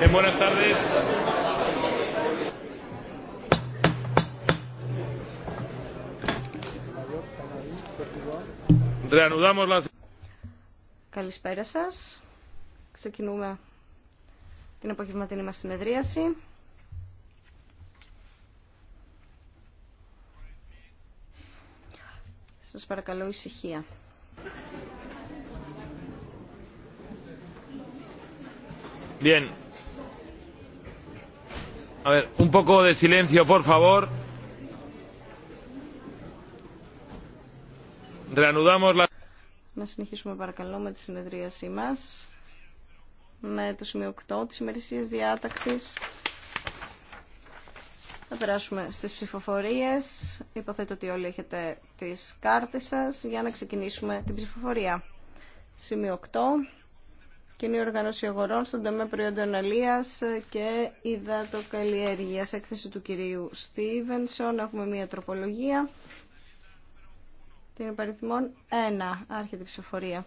Eh, buenas tardes. Reanudamos las. Καλησπέρα σας. Ξεκινούμε την απογευματινή μας συνεδρίαση. Σας παρακαλώ ησυχία. Bien. A ver, Να συνεχίσουμε παρακαλώ με τη συνεδρίασή μας με το σημείο 8 της ημερησίας διάταξης. Θα περάσουμε στις ψηφοφορίες. Υποθέτω ότι όλοι έχετε τις κάρτες σας για να ξεκινήσουμε την ψηφοφορία. Σημείο 8. Κοινή Οργανώση Αγορών στον τομέα προϊόντων αλίας και υδατοκαλλιέργειας. Έκθεση του κυρίου Στίβενσον. Έχουμε μία τροπολογία. Την υπαριθμόν 1. Άρχεται η ψηφοφορία.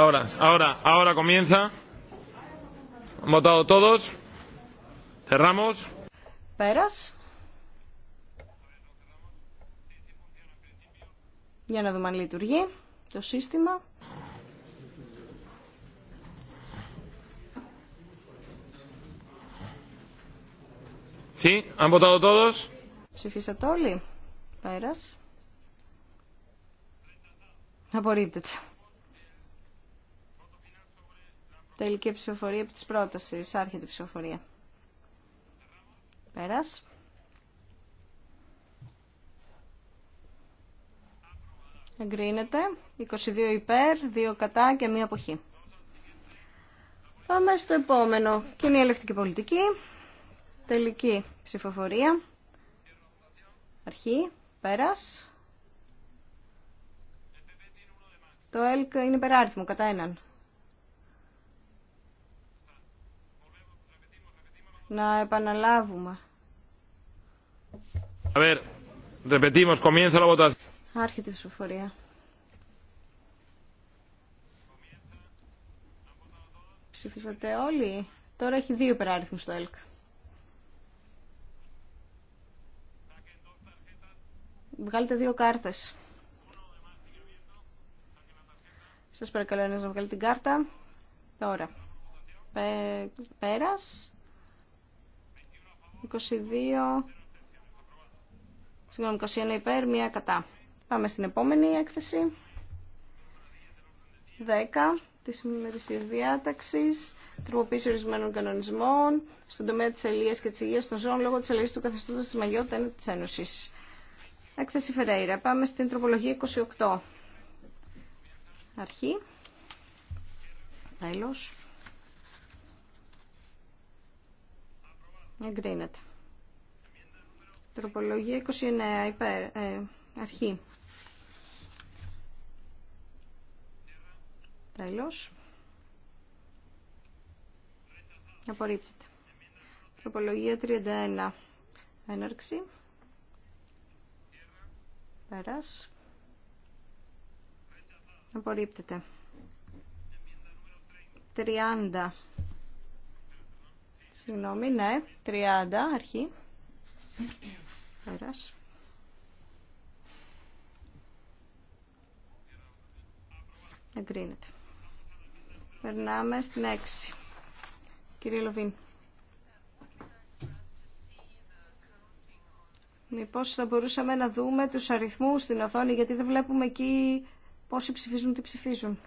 Ahora, ahora, ahora comienza. ¿Han votado todos? Cerramos. Για να δούμε αν λειτουργεί το σύστημα. Sí, han votado todos. Ψηφίσατε όλοι. Πέρας. Απορρίπτεται. Τελική ψηφοφορία από της πρότασης. Άρχεται η ψηφοφορία. Πέρας. Εγκρίνεται. 22 υπέρ, 2 κατά και 1 αποχή. Πάμε στο επόμενο. Κοινή ελευτική πολιτική. Τελική ψηφοφορία. Αρχή. Πέρας. Το ΕΛΚ είναι υπεράριθμο κατά έναν. Να επαναλάβουμε. A ver, repetimos, comienza la votación. Άρχεται η ψηφοφορία. Ψήφισατε όλοι. Τώρα έχει δύο υπεράριθμους στο ΕΛΚ. Βγάλετε δύο κάρτες. Σας παρακαλώ να βγάλει την κάρτα. Τώρα. Πέρας. 22 Συγγνώμη, 21 υπέρ, μία κατά. Πάμε στην επόμενη έκθεση. 10 τη ημερησία διάταξη. τροποποίηση ορισμένων κανονισμών στον τομέα τη ελεία και τη υγεία των ζώων λόγω τη ελίας του καθεστώτος τη Μαγιώτα τη Ένωση. Έκθεση φεραίρα. Πάμε στην τροπολογία 28. Αρχή. Τέλο. Εγκρίνεται. Τροπολογία 29 υπέρ. Ε, αρχή. Τέλος. Απορρίπτεται. Τροπολογία 31. Έναρξη. Πέρας. Απορρίπτεται. 30. Συγγνώμη, ναι, 30, αρχή. Εγκρίνεται. Περνάμε στην έξι Κύριε Λοβίν. Μήπως θα μπορούσαμε να δούμε τους αριθμούς στην οθόνη, γιατί δεν βλέπουμε εκεί πόσοι ψηφίζουν, τι ψηφίζουν.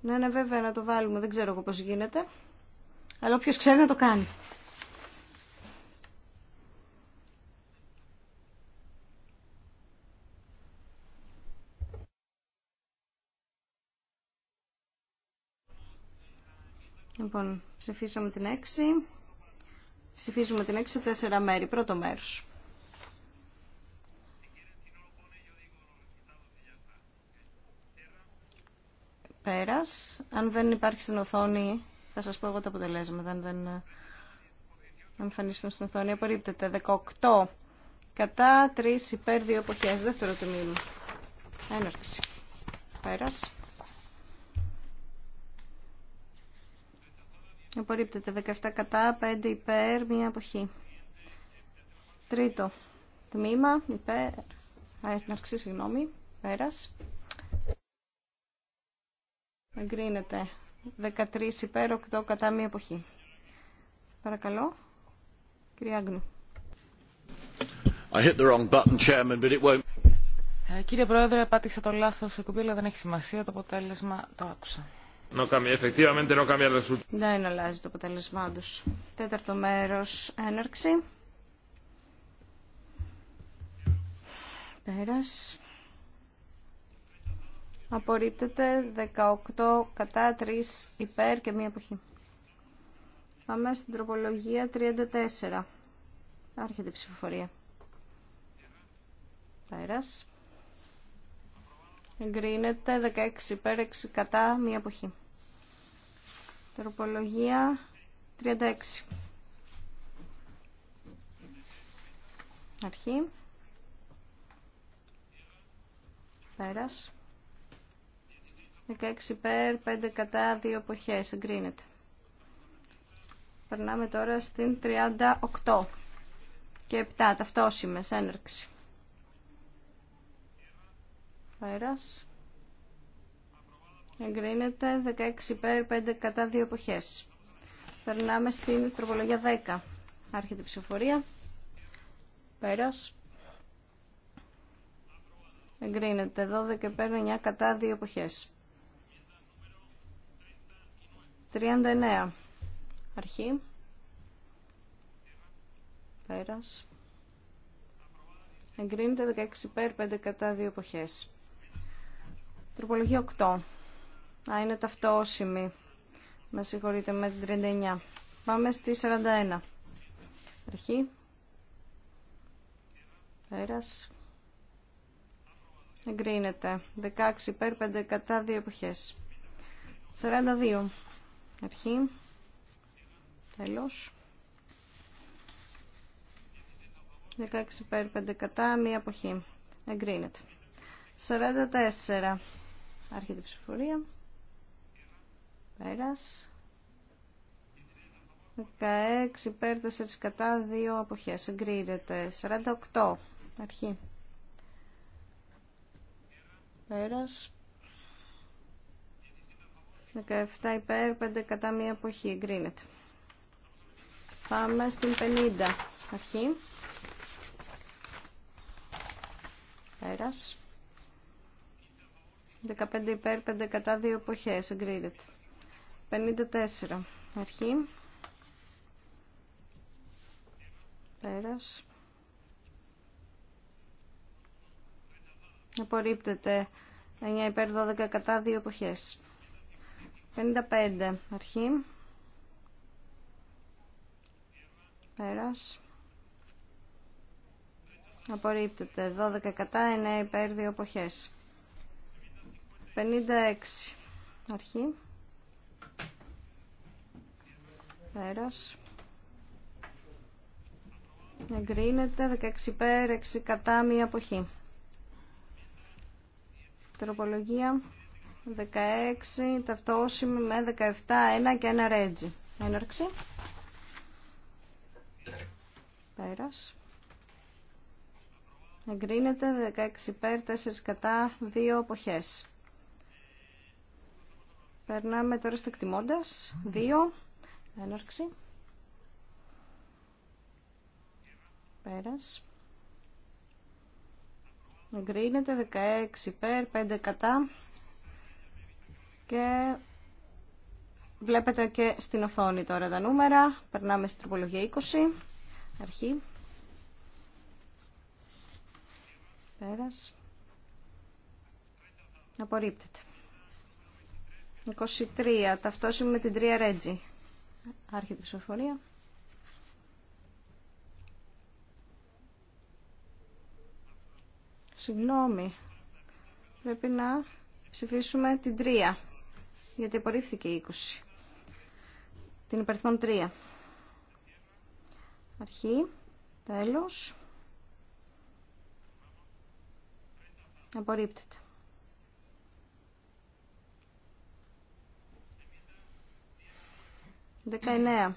Ναι, ναι, βέβαια, να το βάλουμε. Δεν ξέρω εγώ πώς γίνεται. Αλλά όποιος ξέρει να το κάνει. Λοιπόν, ψηφίσαμε την 6. Ψηφίζουμε την 6 σε τέσσερα μέρη. Πρώτο μέρος. Πέρας. Αν δεν υπάρχει στην οθόνη, θα σας πω εγώ τα αποτελέσματα. Αν δεν ε, εμφανίσουν στην οθόνη, απορρίπτεται. 18 κατά, 3 υπέρ, 2 εποχές. Δεύτερο τμήμα. Έναρξη. Πέρας. Απορρίπτεται 17 κατά, 5 υπέρ, μία αποχή. Τρίτο τμήμα, υπέρ, αυξήσει συγγνώμη, πέρας. Εγκρίνεται 13 υπέρ, 8 κατά, μία αποχή. Παρακαλώ, κυρία Άγνου. I hit the wrong button, Chairman, but it won't... Ε, κύριε Πρόεδρε, πάτησα το λάθος κουμπί, αλλά δεν έχει σημασία, το αποτέλεσμα το άκουσα. Δεν αλλάζει το αποτέλεσμά του. Τέταρτο μέρο, έναρξη. Πέρα. Απορρίπτεται 18 κατά 3 υπέρ και μία εποχή. Πάμε στην τροπολογία 34. Άρχεται η ψηφοφορία. Πέρας εγκρίνεται 16 υπέρ 6 κατά μία εποχή. Τροπολογία 36. Αρχή. Πέρας. 16 υπέρ 5 κατά 2 εποχές. Εγκρίνεται. Περνάμε τώρα στην 38 και 7 ταυτόσιμες Ένερξη. Πέρας. Εγκρίνεται 16 υπέρ, 5 κατά 2 εποχές. Περνάμε στην τροπολογία 10. Άρχεται η ψηφοφορία. Πέρας. Εγκρίνεται 12 υπέρ, 9 κατά 2 εποχές. 39. Αρχή. Πέρας. Εγκρίνεται 16 υπέρ, 5 κατά 2 εποχές. Τροπολογία 8. Α, είναι ταυτόσημη. Με συγχωρείτε με την 39. Πάμε στη 41. Αρχή. Πέρας. Εγκρίνεται. 16 υπέρ 5 κατά 2 εποχές. 42. Αρχή. Τέλος. 16 υπέρ 5 κατά 1 εποχή. Εγκρίνεται. 44. Άρχεται η ψηφοφορία. Πέρας. 16 υπέρ 4 κατά 2 αποχές. Εγκρίνεται. 48. Αρχή. Πέρας. 17 υπέρ 5 κατά 1 αποχή. Εγκρίνεται. Πάμε στην 50. Αρχή. Πέρας. 15 υπέρ, 5 κατά, 2 εποχές. Εγκρίνεται. 54. Αρχή. Πέρας. Απορρίπτεται. 9 υπέρ, 12 κατά, 2 εποχές. 55. Αρχή. Πέρας. Απορρίπτεται. 12 κατά, 9 υπέρ, 2 εποχές. 56. Αρχή. Πέρας. Εγκρίνεται 16 πέρα 6 κατά, μία αποχή. Τροπολογία 16, ταυτόσημη με 17, 1 και 1 ρέτζι. Έναρξη. Πέρας. Εγκρίνεται 16 υπέρ, 4 κατά, 2 αποχές. Περνάμε τώρα στα εκτιμώντας. Δύο. Έναρξη. Πέρας. Εγκρίνεται 16 υπέρ, 5 κατά. Και βλέπετε και στην οθόνη τώρα τα νούμερα. Περνάμε στην τροπολογία 20. Αρχή. Πέρας. Απορρίπτεται. 23, Ταυτόσιμο με την 3 Ρέτζι. Άρχεται η ψηφοφορία. Συγγνώμη. Πρέπει να ψηφίσουμε την 3. Γιατί απορρίφθηκε η 20. Την υπερθών 3. Αρχή. Τέλος. Απορρίπτεται. 19.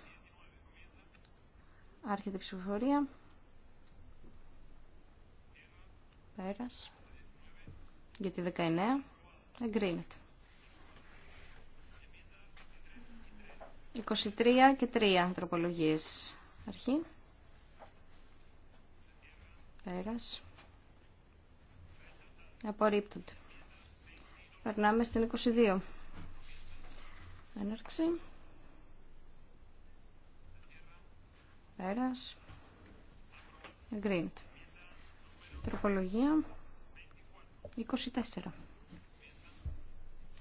Άρχεται η ψηφοφορία. Πέρας. Γιατί 19 εγκρίνεται. 23 και 3 τροπολογίε. Αρχή. Πέρας. Απορρίπτονται. Περνάμε στην 22. Έναρξη. Πέρας. Εγκρίνεται. Τροπολογία 24.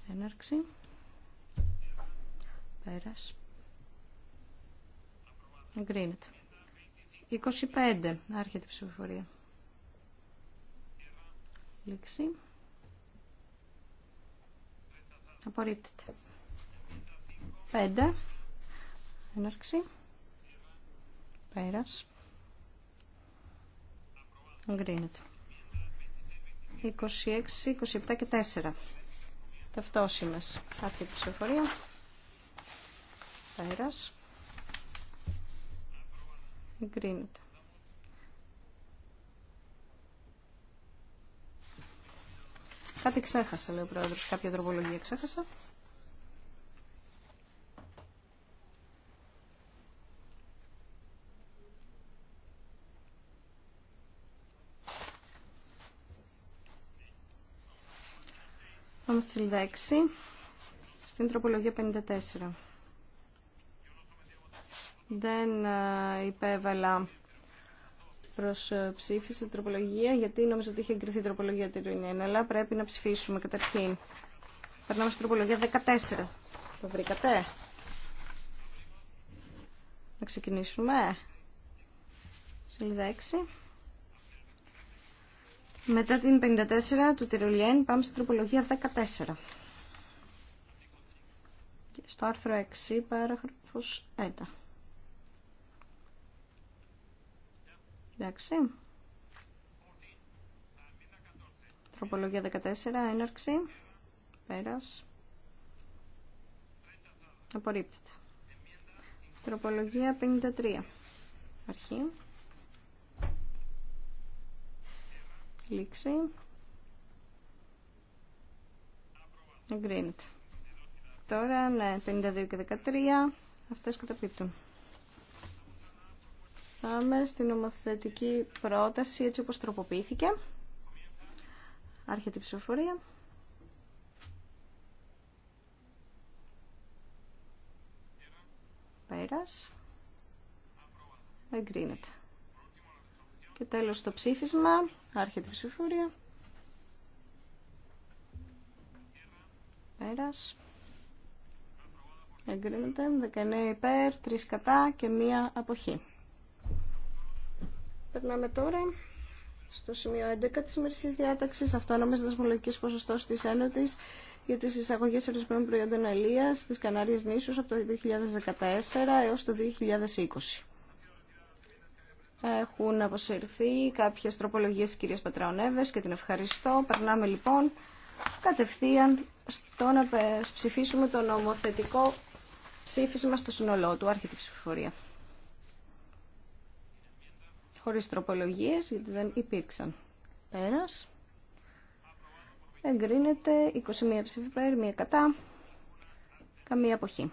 Έναρξη. Πέρας. Εγκρίνεται. 25. Άρχεται η ψηφοφορία. Λήξη. Απορρίπτεται. 5. Έναρξη. Πέρας. Εγκρίνεται. 26, 27 και 4. Ταυτόσιμες. Άρχεται η ψηφοφορία. Πέρας. Εγκρίνεται. Κάτι ξέχασα, λέει ο πρόεδρος. Κάποια δρομολογία ξέχασα. στη στην τροπολογία 54. Δεν ε, υπέβαλα προς ε, ψήφιση τροπολογία, γιατί νόμιζα ότι είχε εγκριθεί η τροπολογία τη Ρουινένα, αλλά πρέπει να ψηφίσουμε καταρχήν. Περνάμε στην τροπολογία 14. Το βρήκατε. Να ξεκινήσουμε. Σελίδα 6. Μετά την 54 του Τυρουλιέν πάμε στην τροπολογία 14. Και στο άρθρο 6, παράγραφος 1. Εντάξει. Τροπολογία 14, έναρξη. Πέρας. Απορρίπτεται. Τροπολογία 53. Αρχή. Λήξη. Εγκρίνεται. Τώρα, ναι, 52 και 13. Αυτές καταπίπτουν. Πάμε στην νομοθετική πρόταση έτσι όπως τροποποιήθηκε. Άρχεται η ψηφοφορία. Πέρας. Εγκρίνεται. Και τέλος το ψήφισμα, άρχεται η ψηφοφορία. Πέρας. Εγκρίνεται 19 υπέρ, 3 κατά και μία αποχή. Περνάμε τώρα στο σημείο 11 της μερικής διάταξης, αυτόνομες δασμολογικές ποσοστό της Ένωτης για τις εισαγωγές ορισμένων προϊόντων αλίας στις καναρίε νήσου από το 2014 έως το 2020. Έχουν αποσυρθεί κάποιες τροπολογίες της κυρίας Πατραονέβες και την ευχαριστώ. Περνάμε λοιπόν κατευθείαν στο να ψηφίσουμε το νομοθετικό ψήφισμα στο σύνολό του, άρχεται η ψηφοφορία. Χωρίς τροπολογίες, γιατί δεν υπήρξαν. Πέρας. Εγκρίνεται 21 ψήφι μία κατά, καμία αποχή.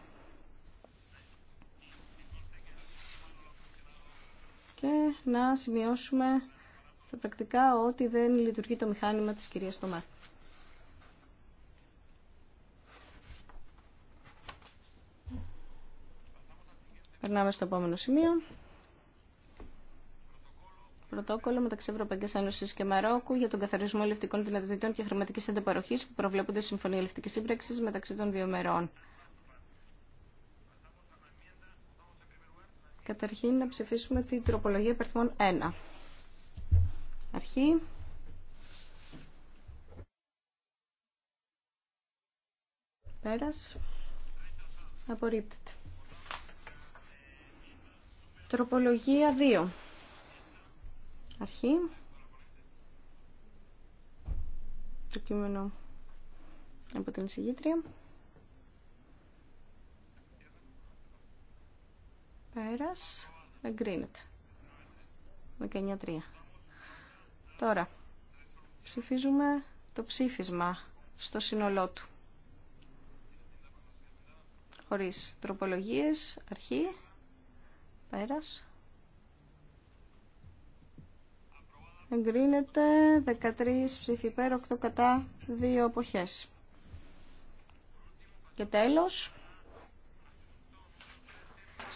και να σημειώσουμε στα πρακτικά ότι δεν λειτουργεί το μηχάνημα της κυρίας Στομά. Περνάμε στο επόμενο σημείο. Πρωτόκολλο μεταξύ Ευρωπαϊκή Ένωση και Μαρόκου για τον καθαρισμό ελευτικών δυνατοτήτων και χρηματική ανταπαροχή που προβλέπονται στη Συμφωνία Ελευτική Σύμπραξη μεταξύ των δύο μερών. Καταρχήν να ψηφίσουμε την τροπολογία υπερθμών 1. Αρχή. Πέρας. Απορρίπτεται. Τροπολογία 2. Αρχή. Το κείμενο από την εισηγήτρια. Πέρας. Εγκρίνεται. 19.3. Τώρα, ψηφίζουμε το ψήφισμα στο σύνολό του. Χωρίς τροπολογίες, αρχή, πέρας. Εγκρίνεται 13 ψηφιπέρ, 8 κατά, 2 αποχές. Και τέλος,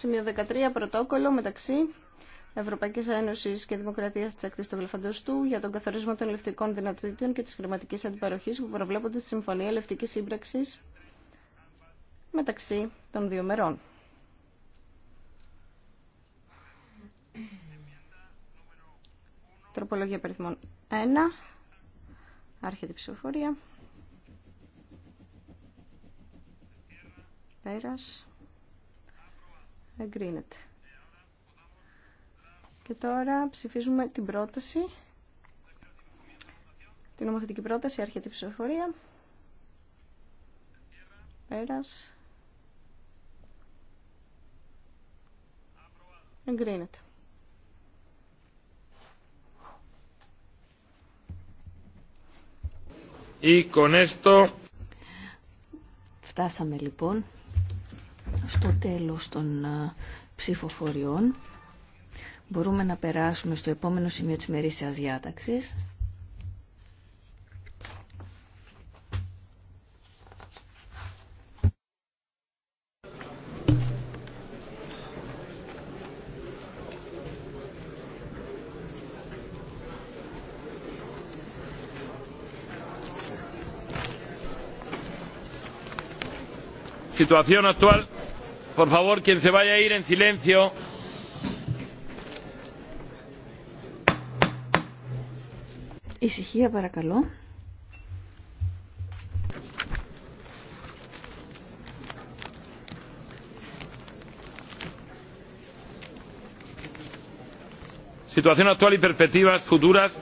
σημείο 13 πρωτόκολλο μεταξύ Ευρωπαϊκής Ένωσης και Δημοκρατίας της Ακτής του Γλυφαντοστού για τον καθορισμό των ελευτικών δυνατοτήτων και της χρηματικής αντιπαροχής που προβλέπονται στη Συμφωνία Ελευτική Σύμπραξης μεταξύ των δύο μερών. Τροπολογία περιθμών 1. Άρχεται η ψηφοφορία. Πέρας. Εγκρίνεται. Και τώρα ψηφίζουμε την πρόταση. Την νομοθετική πρόταση, αρχιετή ψηφοφορία. Πέρας. Εγκρίνεται. Ή κονέστο. Φτάσαμε λοιπόν το τέλος των ψηφοφοριών. Μπορούμε να περάσουμε στο επόμενο σημείο της μερίσιας διάταξης. situación actual Por favor, quien se vaya a ir en silencio. Ησυχία παρακαλώ. Situación actual y perspectivas futuras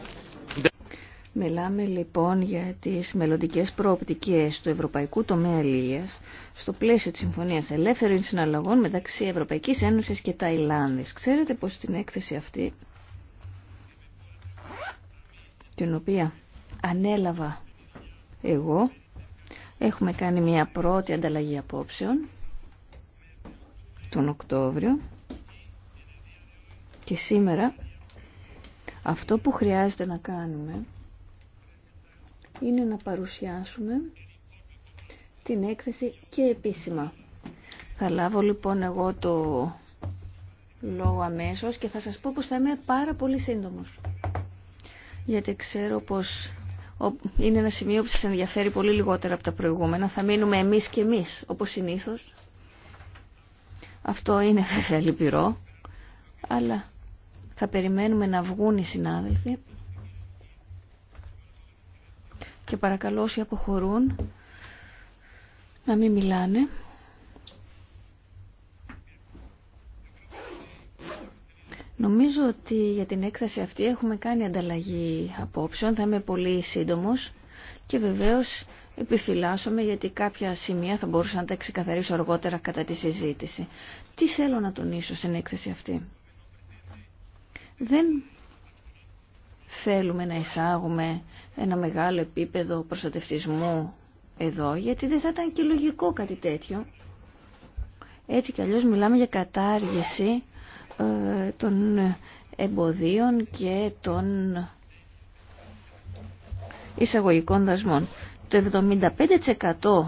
Μιλάμε λοιπόν για τις μελλοντικές προοπτικές του ευρωπαϊκού τομέα αλληλείας στο πλαίσιο της Συμφωνίας Ελεύθερων Συναλλαγών μεταξύ Ευρωπαϊκής Ένωσης και Ταϊλάνδης. Ξέρετε πως στην έκθεση αυτή, την οποία ανέλαβα εγώ, έχουμε κάνει μια πρώτη ανταλλαγή απόψεων τον Οκτώβριο και σήμερα αυτό που χρειάζεται να κάνουμε είναι να παρουσιάσουμε την έκθεση και επίσημα. Θα λάβω λοιπόν εγώ το λόγο αμέσως και θα σας πω πως θα είμαι πάρα πολύ σύντομος. Γιατί ξέρω πως είναι ένα σημείο που σας ενδιαφέρει πολύ λιγότερα από τα προηγούμενα. Θα μείνουμε εμείς και εμείς, όπως συνήθως. Αυτό είναι βέβαια λυπηρό, αλλά θα περιμένουμε να βγουν οι συνάδελφοι. Και παρακαλώ όσοι αποχωρούν να μην μιλάνε. Νομίζω ότι για την έκθεση αυτή έχουμε κάνει ανταλλαγή απόψεων. Θα είμαι πολύ σύντομος και βεβαίως επιφυλάσσομαι γιατί κάποια σημεία θα μπορούσα να τα ξεκαθαρίσω αργότερα κατά τη συζήτηση. Τι θέλω να τονίσω στην έκθεση αυτή. Δεν θέλουμε να εισάγουμε ένα μεγάλο επίπεδο προστατευτισμού εδώ, γιατί δεν θα ήταν και λογικό κάτι τέτοιο. Έτσι κι αλλιώς μιλάμε για κατάργηση ε, των εμποδίων και των εισαγωγικών δασμών. Το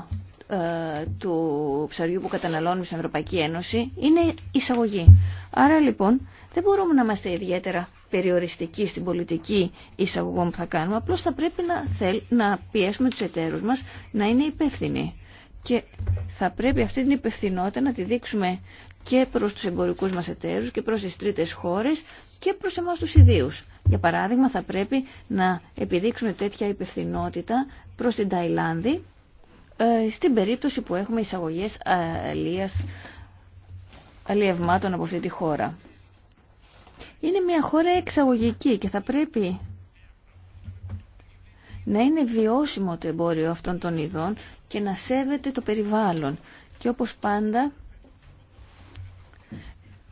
75% ε, του ψαριού που καταναλώνουμε στην Ευρωπαϊκή Ένωση είναι εισαγωγή. Άρα λοιπόν δεν μπορούμε να είμαστε ιδιαίτερα περιοριστική στην πολιτική εισαγωγών που θα κάνουμε, απλώς θα πρέπει να, θέλ, να πιέσουμε τους εταίρους μας να είναι υπεύθυνοι. Και θα πρέπει αυτή την υπευθυνότητα να τη δείξουμε και προς τους εμπορικούς μας εταίρους και προς τις τρίτες χώρες και προς εμάς τους ιδίους. Για παράδειγμα θα πρέπει να επιδείξουμε τέτοια υπευθυνότητα προς την Ταϊλάνδη ε, στην περίπτωση που έχουμε εισαγωγές ε, αλίας, από αυτή τη χώρα είναι μια χώρα εξαγωγική και θα πρέπει να είναι βιώσιμο το εμπόριο αυτών των ειδών και να σέβεται το περιβάλλον. Και όπως πάντα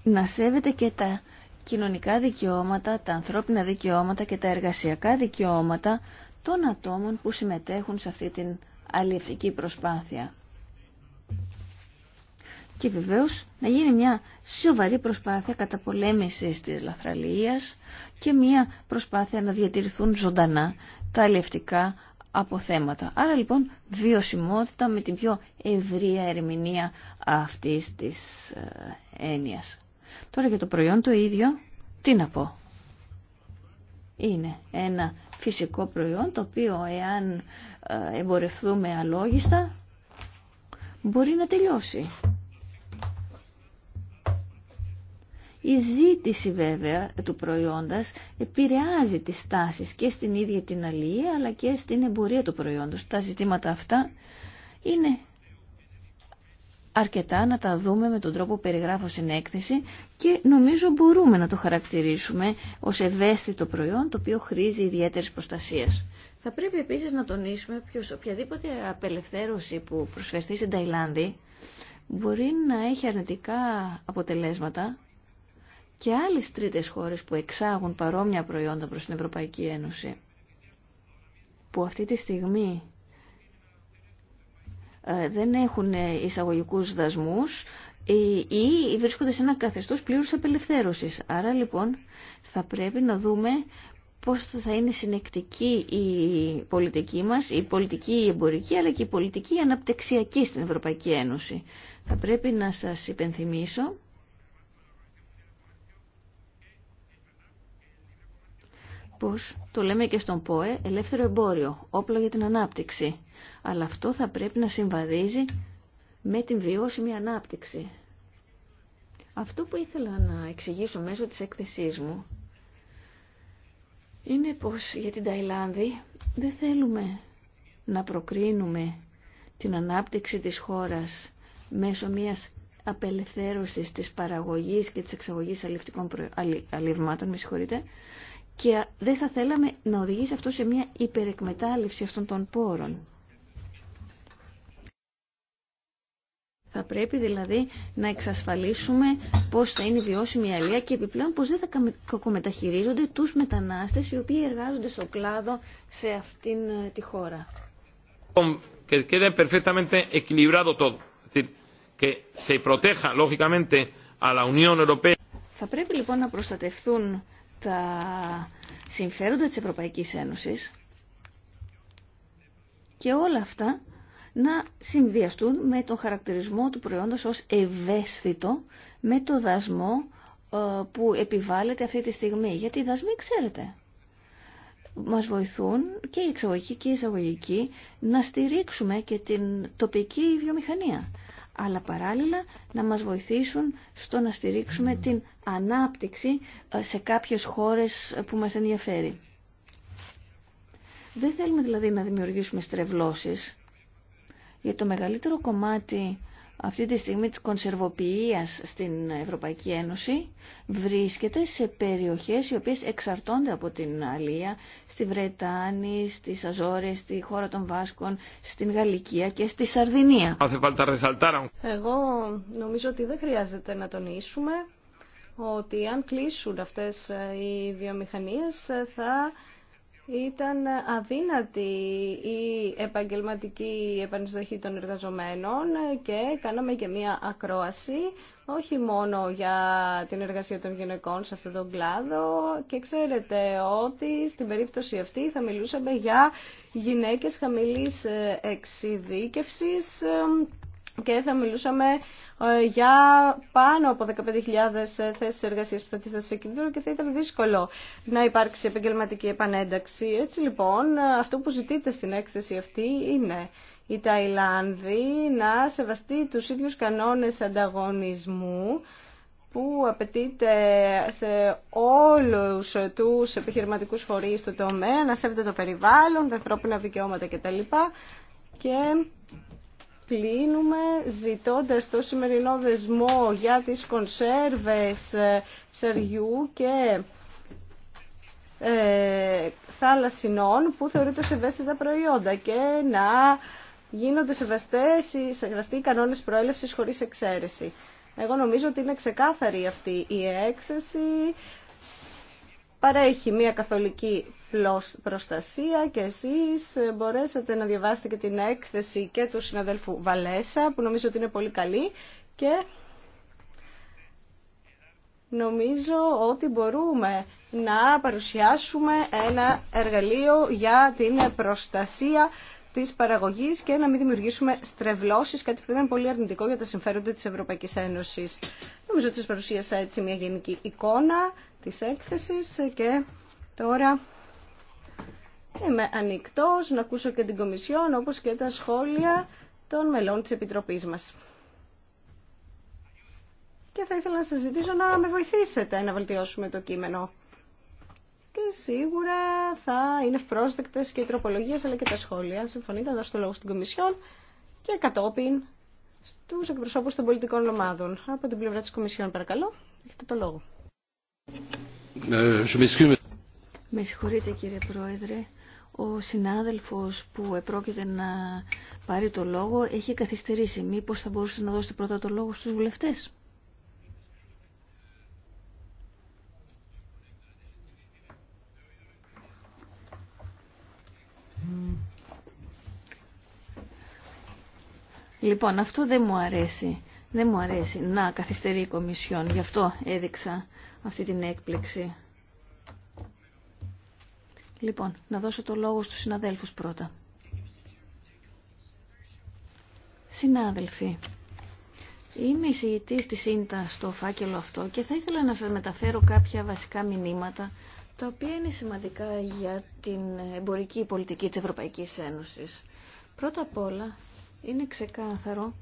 να σέβεται και τα κοινωνικά δικαιώματα, τα ανθρώπινα δικαιώματα και τα εργασιακά δικαιώματα των ατόμων που συμμετέχουν σε αυτή την αλληλευτική προσπάθεια και βεβαίως να γίνει μια σοβαρή προσπάθεια καταπολέμησης της λαθραλίας και μια προσπάθεια να διατηρηθούν ζωντανά τα αλληλευτικά αποθέματα. Άρα λοιπόν βιωσιμότητα με την πιο ευρία ερμηνεία αυτής της ε, έννοιας. Τώρα για το προϊόν το ίδιο, τι να πω. Είναι ένα φυσικό προϊόν το οποίο εάν ε, εμπορευθούμε αλόγιστα μπορεί να τελειώσει. Η ζήτηση βέβαια του προϊόντας επηρεάζει τις τάσεις και στην ίδια την αλληλεία αλλά και στην εμπορία του προϊόντος. Τα ζητήματα αυτά είναι αρκετά να τα δούμε με τον τρόπο που περιγράφω στην έκθεση και νομίζω μπορούμε να το χαρακτηρίσουμε ως ευαίσθητο προϊόν το οποίο χρήζει ιδιαίτερη προστασία. Θα πρέπει επίσης να τονίσουμε ποιος οποιαδήποτε απελευθέρωση που προσφερθεί στην Ταϊλάνδη μπορεί να έχει αρνητικά αποτελέσματα και άλλες τρίτες χώρες που εξάγουν παρόμοια προϊόντα προς την Ευρωπαϊκή Ένωση που αυτή τη στιγμή ε, δεν έχουν ε, εισαγωγικούς δασμούς ε, ή βρίσκονται σε ένα καθεστώς πλήρους απελευθέρωσης. Άρα λοιπόν θα πρέπει να δούμε πώς θα είναι συνεκτική η πολιτική μας, η πολιτική η εμπορική, αλλά και η πολιτική αναπτυξιακή στην Ευρωπαϊκή Ένωση. Θα πρέπει να σας υπενθυμίσω όπως το λέμε και στον ΠΟΕ, ελεύθερο εμπόριο, όπλο για την ανάπτυξη. Αλλά αυτό θα πρέπει να συμβαδίζει με την βιώσιμη ανάπτυξη. Αυτό που ήθελα να εξηγήσω μέσω της έκθεσής μου είναι πως για την Ταϊλάνδη δεν θέλουμε να προκρίνουμε την ανάπτυξη της χώρας μέσω μιας απελευθέρωσης της παραγωγής και της εξαγωγής αλευτικών προ... με συγχωρείτε, και δεν θα θέλαμε να οδηγήσει αυτό σε μια υπερεκμετάλλευση αυτών των πόρων. Θα πρέπει δηλαδή να εξασφαλίσουμε πώς θα είναι βιώσιμη η Αλία και επιπλέον πώς δεν θα κακομεταχειρίζονται τους μετανάστες οι οποίοι εργάζονται στο κλάδο σε αυτήν ε, τη χώρα. Que quede perfectamente equilibrado todo. Es decir, que se proteja lógicamente a la Unión Europea. Θα πρέπει λοιπόν να προστατευτούν τα συμφέροντα της Ευρωπαϊκής Ένωσης και όλα αυτά να συνδυαστούν με τον χαρακτηρισμό του προϊόντος ως ευαίσθητο με το δασμό ε, που επιβάλλεται αυτή τη στιγμή. Γιατί οι δασμοί, ξέρετε, μας βοηθούν και οι εξαγωγικοί και οι εισαγωγικοί να στηρίξουμε και την τοπική βιομηχανία αλλά παράλληλα να μας βοηθήσουν στο να στηρίξουμε την ανάπτυξη ε, σε κάποιες χώρες ε, που μας ενδιαφέρει. Δεν θέλουμε δηλαδή να δημιουργήσουμε στρεβλώσεις, για το μεγαλύτερο κομμάτι αυτή τη στιγμή της κονσερβοποιίας στην Ευρωπαϊκή Ένωση βρίσκεται σε περιοχές οι οποίες εξαρτώνται από την Αλία, στη Βρετάνη, στις Αζόρες, στη χώρα των Βάσκων, στην Γαλλικία και στη Σαρδινία. Εγώ νομίζω ότι δεν χρειάζεται να τονίσουμε ότι αν κλείσουν αυτές οι βιομηχανίες θα ήταν αδύνατη η επαγγελματική επανεισδοχή των εργαζομένων και κάναμε και μία ακρόαση όχι μόνο για την εργασία των γυναικών σε αυτόν τον κλάδο και ξέρετε ότι στην περίπτωση αυτή θα μιλούσαμε για γυναίκες χαμηλής εξειδίκευσης και θα μιλούσαμε ε, για πάνω από 15.000 θέσεις εργασίας που θα τίθεται σε κίνδυνο και θα ήταν δύσκολο να υπάρξει επαγγελματική επανένταξη. Έτσι λοιπόν, αυτό που ζητείτε στην έκθεση αυτή είναι η Ταϊλάνδη να σεβαστεί τους ίδιους κανόνες ανταγωνισμού που απαιτείται σε όλους τους επιχειρηματικούς φορείς του τομέα, να σέβεται το περιβάλλον, τα ανθρώπινα δικαιώματα κτλ. Και κλείνουμε ζητώντας το σημερινό δεσμό για τις κονσέρβες ε, ψαριού και ε, θάλασσινών που θεωρείται σε ευαίσθητα προϊόντα και να γίνονται σεβαστές οι σεβαστοί κανόνες προέλευσης χωρίς εξαίρεση. Εγώ νομίζω ότι είναι ξεκάθαρη αυτή η έκθεση παρέχει μια καθολική προστασία και εσείς μπορέσατε να διαβάσετε και την έκθεση και του συναδέλφου Βαλέσα που νομίζω ότι είναι πολύ καλή και νομίζω ότι μπορούμε να παρουσιάσουμε ένα εργαλείο για την προστασία Τη παραγωγή και να μην δημιουργήσουμε στρεβλώσεις, κάτι που θα ήταν πολύ αρνητικό για τα συμφέροντα της Ευρωπαϊκής Ένωσης. Νομίζω ότι σα παρουσίασα έτσι μια γενική εικόνα τη έκθεση. και τώρα είμαι ανοιχτό να ακούσω και την Κομισιόν όπως και τα σχόλια των μελών της Επιτροπής μας. Και θα ήθελα να σας ζητήσω να με βοηθήσετε να βελτιώσουμε το κείμενο και σίγουρα θα είναι ευπρόσδεκτες και οι τροπολογίε αλλά και τα σχόλια. Συμφωνείτε να δώσετε το λόγο στην Κομισιόν και κατόπιν στου εκπροσώπους των πολιτικών ομάδων. Από την πλευρά τη Κομισιόν παρακαλώ, έχετε το λόγο. Ε, με συγχωρείτε κύριε Πρόεδρε. Ο συνάδελφος που επρόκειται να πάρει το λόγο έχει καθυστερήσει. Μήπως θα μπορούσατε να δώσετε πρώτα το λόγο στους βουλευτές. Λοιπόν, αυτό δεν μου αρέσει. Δεν μου αρέσει να καθυστερεί η Κομισιόν. Γι' αυτό έδειξα αυτή την έκπληξη. Λοιπόν, να δώσω το λόγο του συναδέλφους πρώτα. Συνάδελφοι, είμαι εισηγητής της ΣΥΝΤΑ στο φάκελο αυτό και θα ήθελα να σας μεταφέρω κάποια βασικά μηνύματα τα οποία είναι σημαντικά για την εμπορική πολιτική της Ευρωπαϊκής Ένωσης. Πρώτα απ' όλα είναι ξεκάθαρο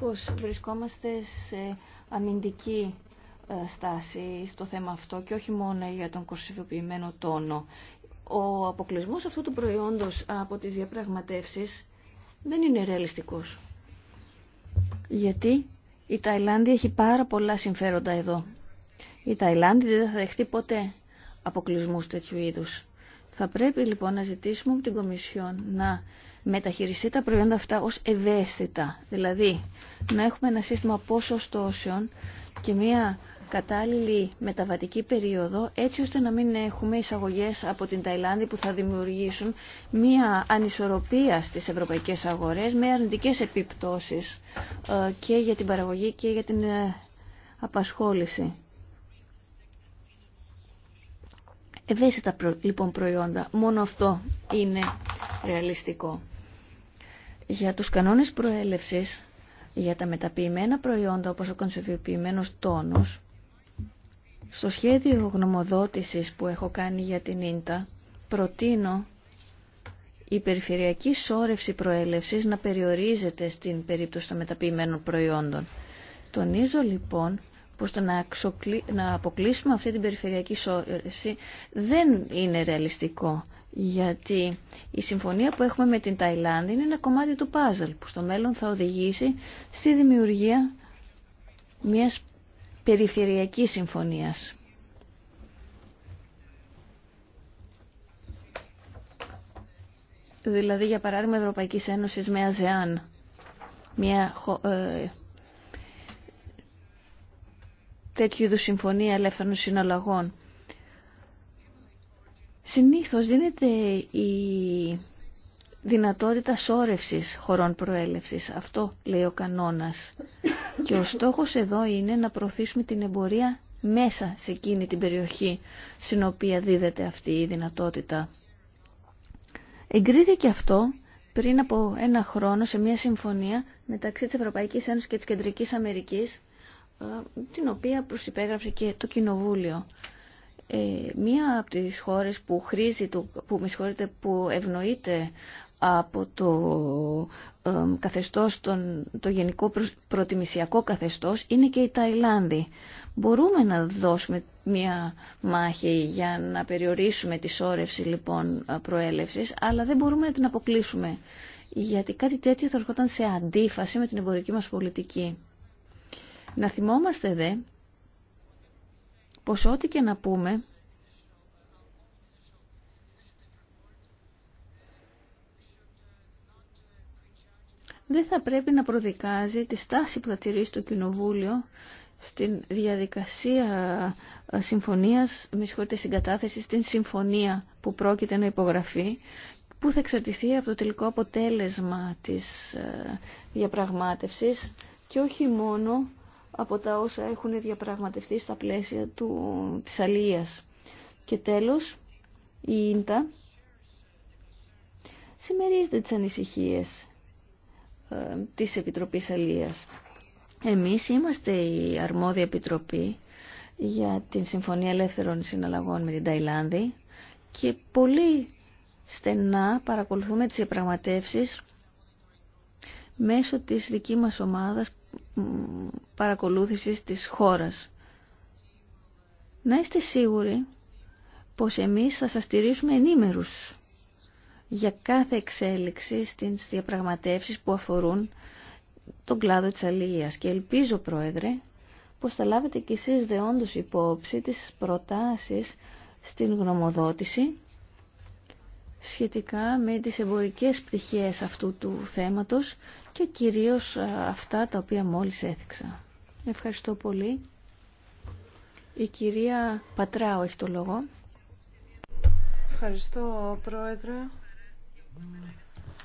πως βρισκόμαστε σε αμυντική ε, στάση στο θέμα αυτό και όχι μόνο για τον κορσιφιοποιημένο τόνο. Ο αποκλεισμός αυτού του προϊόντος από τις διαπραγματεύσεις δεν είναι ρεαλιστικός. Γιατί η Ταϊλάνδη έχει πάρα πολλά συμφέροντα εδώ. Η Ταϊλάνδη δεν θα δεχτεί ποτέ Αποκλεισμού τέτοιου είδου. Θα πρέπει λοιπόν να ζητήσουμε από την Κομισιόν να μεταχειριστεί τα προϊόντα αυτά ως ευαίσθητα. Δηλαδή να έχουμε ένα σύστημα ποσοστώσεων και μια κατάλληλη μεταβατική περίοδο έτσι ώστε να μην έχουμε εισαγωγές από την Ταϊλάνδη που θα δημιουργήσουν μια ανισορροπία στις ευρωπαϊκές αγορές με αρνητικές επιπτώσεις ε, και για την παραγωγή και για την ε, απασχόληση. ευαίσθητα λοιπόν προϊόντα. Μόνο αυτό είναι ρεαλιστικό. Για τους κανόνες προέλευσης, για τα μεταποιημένα προϊόντα όπως ο κονσοβιοποιημένος τόνος, στο σχέδιο γνωμοδότησης που έχω κάνει για την ίντα, προτείνω η περιφερειακή σώρευση προέλευσης να περιορίζεται στην περίπτωση των μεταποιημένων προϊόντων. Τονίζω λοιπόν ώστε να αποκλείσουμε αυτή την περιφερειακή σώρεση δεν είναι ρεαλιστικό. Γιατί η συμφωνία που έχουμε με την Ταϊλάνδη είναι ένα κομμάτι του πάζελ που στο μέλλον θα οδηγήσει στη δημιουργία μιας περιφερειακής συμφωνίας. Δηλαδή, για παράδειγμα, Ευρωπαϊκής Ένωσης με ΑΖΕΑΝ, μια ε, τέτοιου είδους συμφωνία ελεύθερων συναλλαγών. Συνήθως δίνεται η δυνατότητα σόρευσης χωρών προέλευσης. Αυτό λέει ο κανόνας. Και ο στόχος εδώ είναι να προωθήσουμε την εμπορία μέσα σε εκείνη την περιοχή στην οποία δίδεται αυτή η δυνατότητα. Εγκρίθηκε αυτό πριν από ένα χρόνο σε μια συμφωνία μεταξύ της Ευρωπαϊκής Ένωσης και της Κεντρικής Αμερικής την οποία προσυπέγραψε και το Κοινοβούλιο. Ε, μία από τις χώρες που χρήζει, που, με που ευνοείται από το ε, καθεστώς, τον, το γενικό προ, προτιμησιακό καθεστώς είναι και η Ταϊλάνδη. Μπορούμε να δώσουμε μία μάχη για να περιορίσουμε τη σώρευση λοιπόν προέλευσης, αλλά δεν μπορούμε να την αποκλείσουμε, γιατί κάτι τέτοιο θα ερχόταν σε αντίφαση με την εμπορική μας πολιτική. Να θυμόμαστε δε πως ό,τι και να πούμε δεν θα πρέπει να προδικάζει τη στάση που θα τηρήσει το Κοινοβούλιο στην διαδικασία ε, συμφωνίας, με συγχωρείτε συγκατάθεση, στην συμφωνία που πρόκειται να υπογραφεί, που θα εξαρτηθεί από το τελικό αποτέλεσμα της ε, διαπραγμάτευσης και όχι μόνο από τα όσα έχουν διαπραγματευτεί στα πλαίσια του, της Αλίας. Και τέλος, η ίντα συμμερίζεται τις ανησυχίες ε, της Επιτροπής Αλίας. Εμείς είμαστε η αρμόδια επιτροπή για την Συμφωνία Ελεύθερων Συναλλαγών με την Ταϊλάνδη και πολύ στενά παρακολουθούμε τις διαπραγματεύσεις μέσω της δική μας ομάδας παρακολούθησης της χώρας. Να είστε σίγουροι πως εμείς θα σας στηρίζουμε ενήμερους για κάθε εξέλιξη στις διαπραγματεύσεις που αφορούν τον κλάδο της αλληλείας. Και ελπίζω, Πρόεδρε, πως θα λάβετε κι εσείς δεόντως υπόψη τις προτάσεις στην γνωμοδότηση σχετικά με τις εμπορικές πτυχές αυτού του θέματος και κυρίως ε, αυτά τα οποία μόλις έθιξα. Ευχαριστώ πολύ. Η κυρία Πατράου έχει το λόγο. Ευχαριστώ, Πρόεδρε.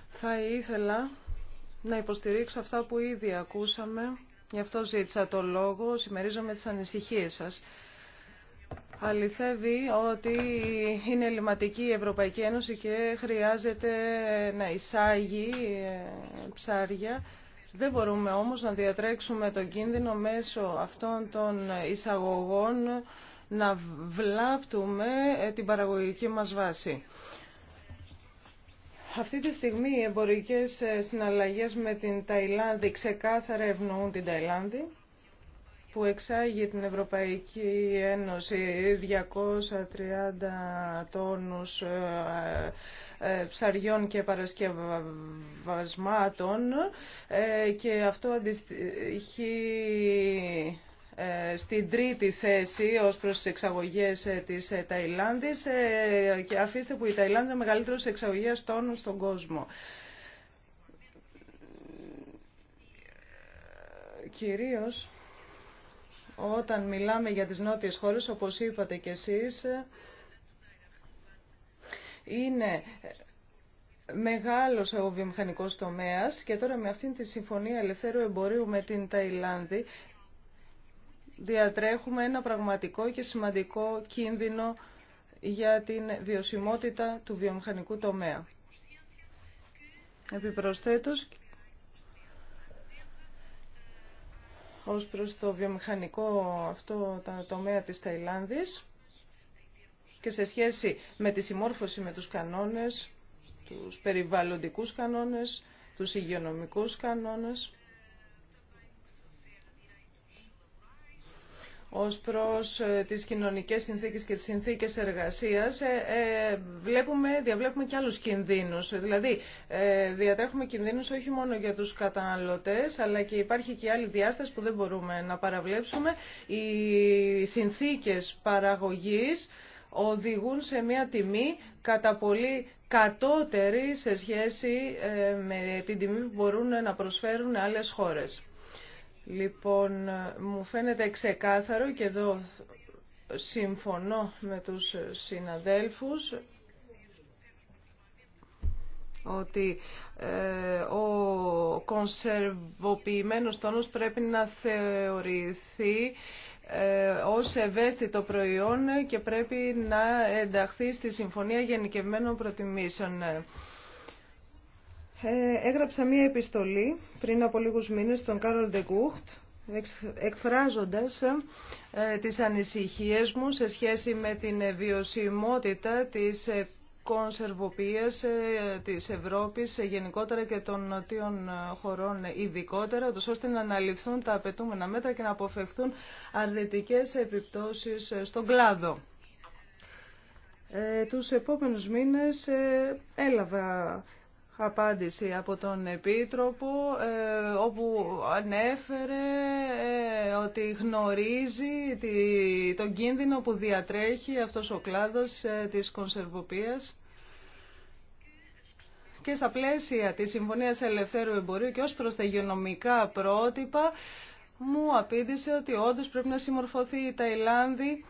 Θα ήθελα να υποστηρίξω αυτά που ήδη ακούσαμε. Γι' αυτό ζήτησα το λόγο. Συμμερίζομαι τις ανησυχίες σας αληθεύει ότι είναι ελληματική η Ευρωπαϊκή Ένωση και χρειάζεται να εισάγει ε, ψάρια. Δεν μπορούμε όμως να διατρέξουμε τον κίνδυνο μέσω αυτών των εισαγωγών να βλάπτουμε ε, την παραγωγική μας βάση. Αυτή τη στιγμή οι εμπορικές ε, συναλλαγές με την Ταϊλάνδη ξεκάθαρα ευνοούν την Ταϊλάνδη που εξάγει την Ευρωπαϊκή Ένωση 230 τόνους ε, ε, ψαριών και παρασκευασμάτων ε, και αυτό αντιστοιχεί στην τρίτη θέση ως προς τις εξαγωγές της Ταϊλάνδης και αφήστε που η Ταϊλάνδη είναι μεγαλύτερος εξαγωγέας τόνου στον κόσμο. Κυρίως όταν μιλάμε για τις νότιες χώρες, όπως είπατε κι εσείς, είναι μεγάλος ο βιομηχανικός τομέας και τώρα με αυτήν τη Συμφωνία Ελευθέρου Εμπορίου με την Ταϊλάνδη διατρέχουμε ένα πραγματικό και σημαντικό κίνδυνο για την βιωσιμότητα του βιομηχανικού τομέα. Επιπροσθέτως, ως προς το βιομηχανικό αυτό το τομέα της Ταϊλάνδης και σε σχέση με τη συμμόρφωση με τους κανόνες, τους περιβαλλοντικούς κανόνες, τους υγειονομικούς κανόνες. ως προς ε, τις κοινωνικές συνθήκες και τις συνθήκες εργασίας, ε, ε, βλέπουμε, διαβλέπουμε και άλλους κινδύνους. Δηλαδή, διατρέχουμε κινδύνους όχι μόνο για τους καταναλωτές, αλλά και υπάρχει και άλλη διάσταση που δεν μπορούμε να παραβλέψουμε. Οι συνθήκες παραγωγής οδηγούν σε μια τιμή κατά πολύ κατώτερη σε σχέση με την τιμή που μπορούν να προσφέρουν άλλες χώρες. Λοιπόν, μου φαίνεται ξεκάθαρο και εδώ συμφωνώ με τους συναδέλφους ότι ε, ο κονσερβοποιημένος τόνος πρέπει να θεωρηθεί ε, ως ευαίσθητο προϊόν και πρέπει να ενταχθεί στη Συμφωνία Γενικευμένων Προτιμήσεων. Ε, έγραψα μία επιστολή πριν από λίγους μήνες στον Κάρολ Ντεγκούχτ εκφράζοντας ε, τις ανησυχίες μου σε σχέση με την βιωσιμότητα της ε, κονσερβοποίηση της Ευρώπης γενικότερα και των νοτίων χωρών ειδικότερα, ώστε να αναλυφθούν τα απαιτούμενα μέτρα και να αποφευθούν αρνητικές επιπτώσεις στον κλάδο. Ε, τους επόμενους έλαβα απάντηση από τον Επίτροπο ε, όπου ανέφερε ε, ότι γνωρίζει τον κίνδυνο που διατρέχει αυτός ο κλάδος ε, της Κονσερβοποίησης και στα πλαίσια της Συμφωνίας Ελευθέρου Εμπορίου και ως προς τα υγειονομικά πρότυπα μου απήντησε ότι όντως πρέπει να συμμορφωθεί η Ταϊλάνδη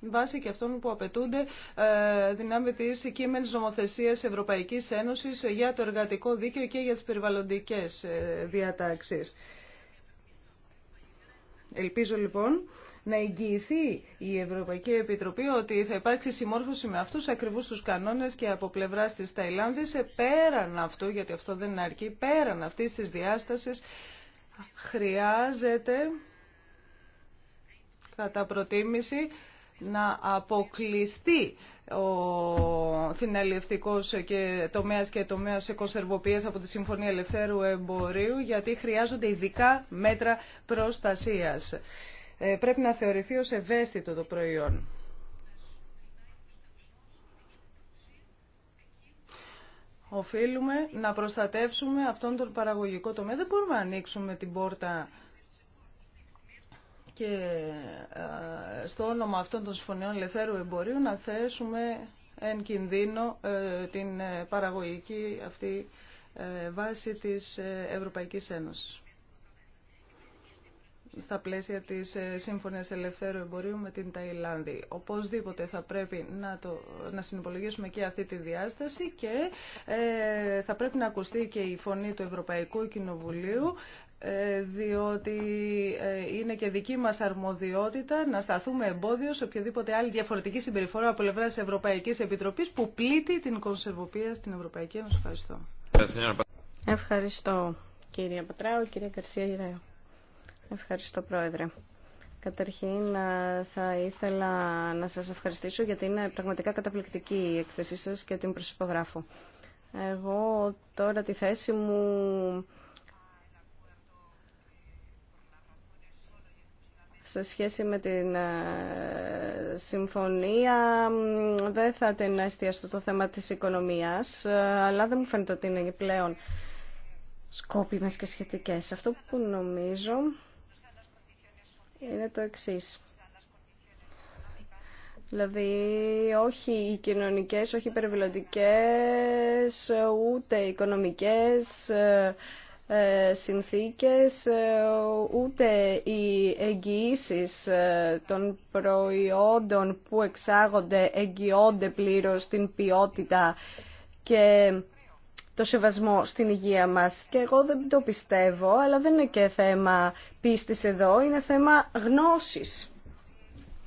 βάσει και αυτών που απαιτούνται ε, δυνάμει τη κείμενη νομοθεσία Ευρωπαϊκή Ένωση για το εργατικό δίκαιο και για τι περιβαλλοντικέ ε, διατάξει. Ελπίζω λοιπόν να εγγυηθεί η Ευρωπαϊκή Επιτροπή ότι θα υπάρξει συμμόρφωση με αυτούς ακριβούς τους κανόνες και από πλευρά της Ταϊλάνδης ε, πέραν αυτού, γιατί αυτό δεν αρκεί, πέραν αυτής της διάστασης χρειάζεται κατά προτίμηση να αποκλειστεί ο θηναλιευτικός και τομέας και τομέας κονσερβοποίησης από τη Συμφωνία Ελευθέρου Εμπορίου γιατί χρειάζονται ειδικά μέτρα προστασίας. Ε, πρέπει να θεωρηθεί ως ευαίσθητο το προϊόν. Οφείλουμε να προστατεύσουμε αυτόν τον παραγωγικό τομέα. Δεν μπορούμε να ανοίξουμε την πόρτα και στο όνομα αυτών των συμφωνιών ελευθέρου εμπορίου να θέσουμε εν κινδύνο ε, την ε, παραγωγική αυτή ε, βάση της Ευρωπαϊκής Ένωσης στα πλαίσια της Σύμφωνιας Ελευθέρου Εμπορίου με την Ταϊλάνδη. Οπωσδήποτε θα πρέπει να, το, να συνυπολογίσουμε και αυτή τη διάσταση και θα πρέπει να ακουστεί και η φωνή του Ευρωπαϊκού Κοινοβουλίου ε, διότι ε, είναι και δική μας αρμοδιότητα να σταθούμε εμπόδιο σε οποιαδήποτε άλλη διαφορετική συμπεριφορά από πλευρά τη Ευρωπαϊκής Επιτροπής που πλήττει την κονσερβοπία στην Ευρωπαϊκή Ένωση. Ευχαριστώ. Ευχαριστώ κύριε Πατράου, κύριε Καρσία Γυραίο. Ευχαριστώ πρόεδρε. Καταρχήν ε, θα ήθελα να σας ευχαριστήσω γιατί είναι πραγματικά καταπληκτική η έκθεσή σας και την προσυπογράφω. Εγώ τώρα τη θέση μου σε σχέση με την ε, συμφωνία δεν θα την εστιαστώ το θέμα της οικονομίας, ε, αλλά δεν μου φαίνεται ότι είναι πλέον σκόπιμες και σχετικές. Αυτό που νομίζω είναι το εξής. Δηλαδή, όχι οι κοινωνικές, όχι οι περιβαλλοντικές, ούτε οι οικονομικές ε, ε, συνθήκες, ε, ούτε οι εγγυήσει ε, των προϊόντων που εξάγονται εγγυώνται πλήρως την ποιότητα και το σεβασμό στην υγεία μας. Και εγώ δεν το πιστεύω, αλλά δεν είναι και θέμα πίστης εδώ, είναι θέμα γνώσης.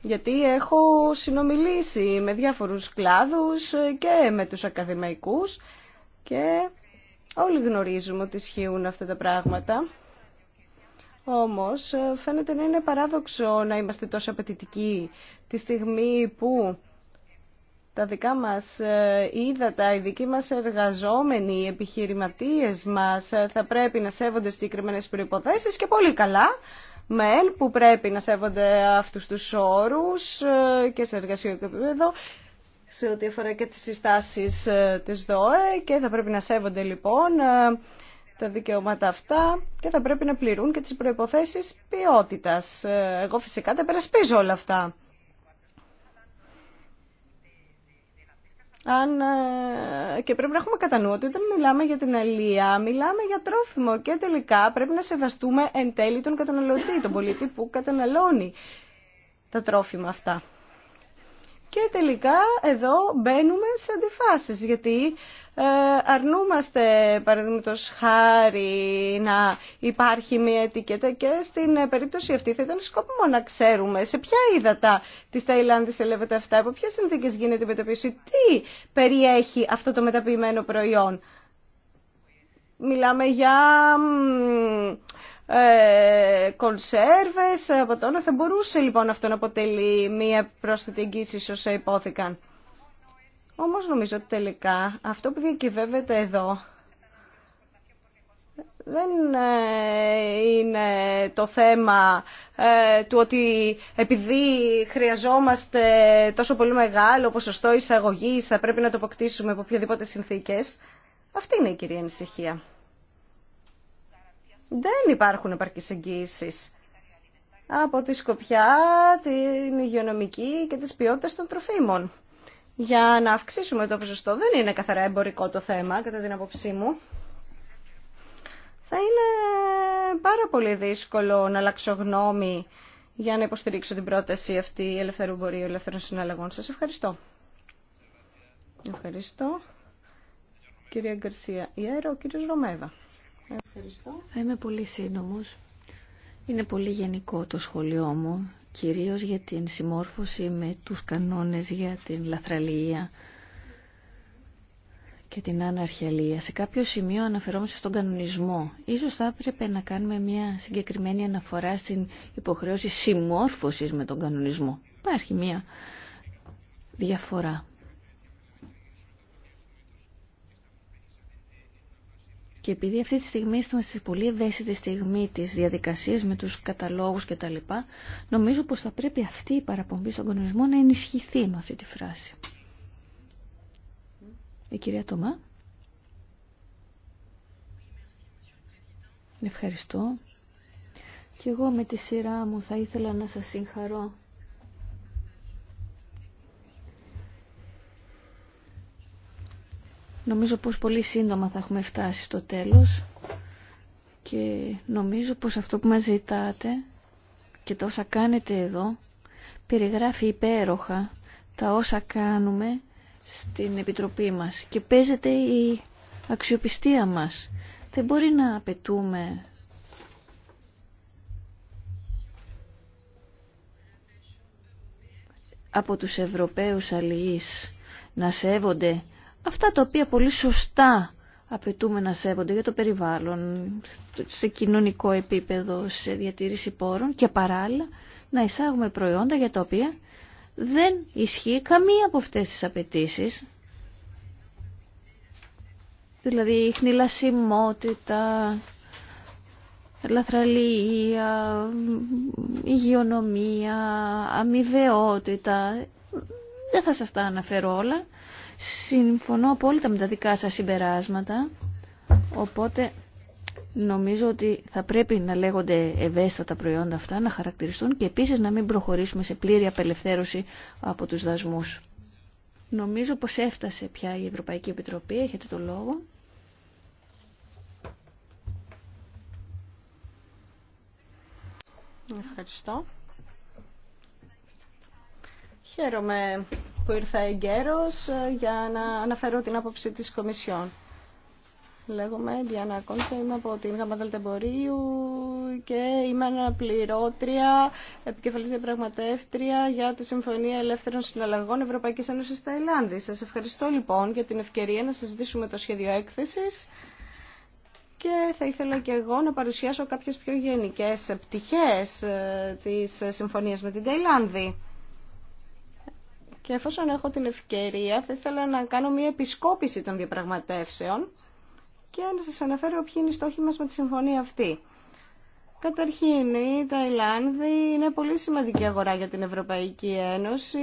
Γιατί έχω συνομιλήσει με διάφορους κλάδους και με τους ακαδημαϊκούς και Όλοι γνωρίζουμε ότι ισχύουν αυτά τα πράγματα. Όμως ε, φαίνεται να είναι παράδοξο να είμαστε τόσο απαιτητικοί τη στιγμή που τα δικά μας ε, ύδατα, οι δικοί μας εργαζόμενοι, οι επιχειρηματίες μας ε, θα πρέπει να σέβονται συγκεκριμένε προϋποθέσεις και πολύ καλά ΜΕΛ που πρέπει να σέβονται αυτούς τους όρους και σε εργασιακό επίπεδο σε ό,τι αφορά και τις συστάσεις ε, της ΔΟΕ και θα πρέπει να σέβονται λοιπόν ε, τα δικαιώματα αυτά και θα πρέπει να πληρούν και τις προϋποθέσεις ποιότητας. Ε, εγώ φυσικά τα περασπίζω όλα αυτά. Αν, και πρέπει να έχουμε κατά νου ότι όταν μιλάμε για την αλία, μιλάμε για τρόφιμο και τελικά πρέπει να σεβαστούμε εν τέλει τον καταναλωτή, τον πολίτη που καταναλώνει τα τρόφιμα αυτά. Και τελικά εδώ μπαίνουμε σε αντιφάσεις, γιατί ε, αρνούμαστε, παραδείγματος, χάρη, να υπάρχει μια ετικέτα και στην ε, περίπτωση αυτή θα ήταν σκόπιμο να ξέρουμε σε ποια ύδατα της Ταϊλάνδη ελεύεται αυτά, από ποιε συνθήκε γίνεται η μεταποίηση, τι περιέχει αυτό το μεταποιημένο προϊόν. Μιλάμε για ε, κονσέρβες από τον θα μπορούσε λοιπόν αυτό να αποτελεί μία πρόσθετη εγγύηση όσα υπόθηκαν. Όμως νομίζω ότι τελικά αυτό που διακυβεύεται εδώ δεν ε, είναι το θέμα ε, του ότι επειδή χρειαζόμαστε τόσο πολύ μεγάλο ποσοστό εισαγωγής θα πρέπει να το αποκτήσουμε από οποιαδήποτε συνθήκες. Αυτή είναι η κυρία ανησυχία δεν υπάρχουν επαρκείς εγγύησεις από τη σκοπιά, την υγειονομική και τις ποιότητες των τροφίμων. Για να αυξήσουμε το ποσοστό δεν είναι καθαρά εμπορικό το θέμα, κατά την απόψή μου. Θα είναι πάρα πολύ δύσκολο να αλλάξω γνώμη για να υποστηρίξω την πρόταση αυτή ελευθερού μπορείου ελεύθερων συναλλαγών. Σας ευχαριστώ. Ευχαριστώ. Κυρία Γκαρσία Ιέρο, κύριος Ρωμέβα. Θα είμαι πολύ σύντομος. Είναι πολύ γενικό το σχολείο μου, κυρίως για την συμμόρφωση με τους κανόνες για την λαθραλία και την αναρχιαλία. Σε κάποιο σημείο αναφερόμαστε στον κανονισμό. Ίσως θα έπρεπε να κάνουμε μια συγκεκριμένη αναφορά στην υποχρέωση συμμόρφωσης με τον κανονισμό. Υπάρχει μια διαφορά. Και επειδή αυτή τη στιγμή είμαστε στη πολύ ευαίσθητη στιγμή της διαδικασίας με τους καταλόγους κτλ, νομίζω πως θα πρέπει αυτή η παραπομπή στον κανονισμό να ενισχυθεί με αυτή τη φράση. Η ε, κυρία Τωμά. Ευχαριστώ. Και εγώ με τη σειρά μου θα ήθελα να σας συγχαρώ Νομίζω πως πολύ σύντομα θα έχουμε φτάσει στο τέλος και νομίζω πως αυτό που μας ζητάτε και τα όσα κάνετε εδώ περιγράφει υπέροχα τα όσα κάνουμε στην Επιτροπή μας και παίζεται η αξιοπιστία μας. Δεν μπορεί να απαιτούμε από τους Ευρωπαίους αλληλείς να σέβονται αυτά τα οποία πολύ σωστά απαιτούμε να σέβονται για το περιβάλλον, σε κοινωνικό επίπεδο, σε διατήρηση πόρων και παράλληλα να εισάγουμε προϊόντα για τα οποία δεν ισχύει καμία από αυτές τις απαιτήσει. Δηλαδή η χνηλασιμότητα, λαθραλία, υγειονομία, αμοιβαιότητα. Δεν θα σας τα αναφέρω όλα. Συμφωνώ απόλυτα με τα δικά σας συμπεράσματα, οπότε νομίζω ότι θα πρέπει να λέγονται ευαίσθητα τα προϊόντα αυτά, να χαρακτηριστούν και επίσης να μην προχωρήσουμε σε πλήρη απελευθέρωση από τους δασμούς. Νομίζω πως έφτασε πια η Ευρωπαϊκή Επιτροπή, έχετε το λόγο. Ευχαριστώ. Χαίρομαι που ήρθα εγκαίρω ε, για να αναφέρω την άποψη της Κομισιόν. Λέγομαι Διάννα Κόντσα, είμαι από την ΓΑΜΑ και είμαι αναπληρώτρια, επικεφαλής διαπραγματεύτρια για τη Συμφωνία Ελεύθερων Συναλλαγών Ευρωπαϊκής Ένωσης Ταϊλάνδη. Σας ευχαριστώ λοιπόν για την ευκαιρία να συζητήσουμε το σχέδιο έκθεσης και θα ήθελα και εγώ να παρουσιάσω κάποιες πιο γενικές πτυχές ε, της ε, συμφωνίας με την Ταϊλάνδη και εφόσον έχω την ευκαιρία θα ήθελα να κάνω μια επισκόπηση των διαπραγματεύσεων και να σας αναφέρω ποιοι είναι οι στόχοι μας με τη συμφωνία αυτή. Καταρχήν, η Ταϊλάνδη είναι πολύ σημαντική αγορά για την Ευρωπαϊκή Ένωση.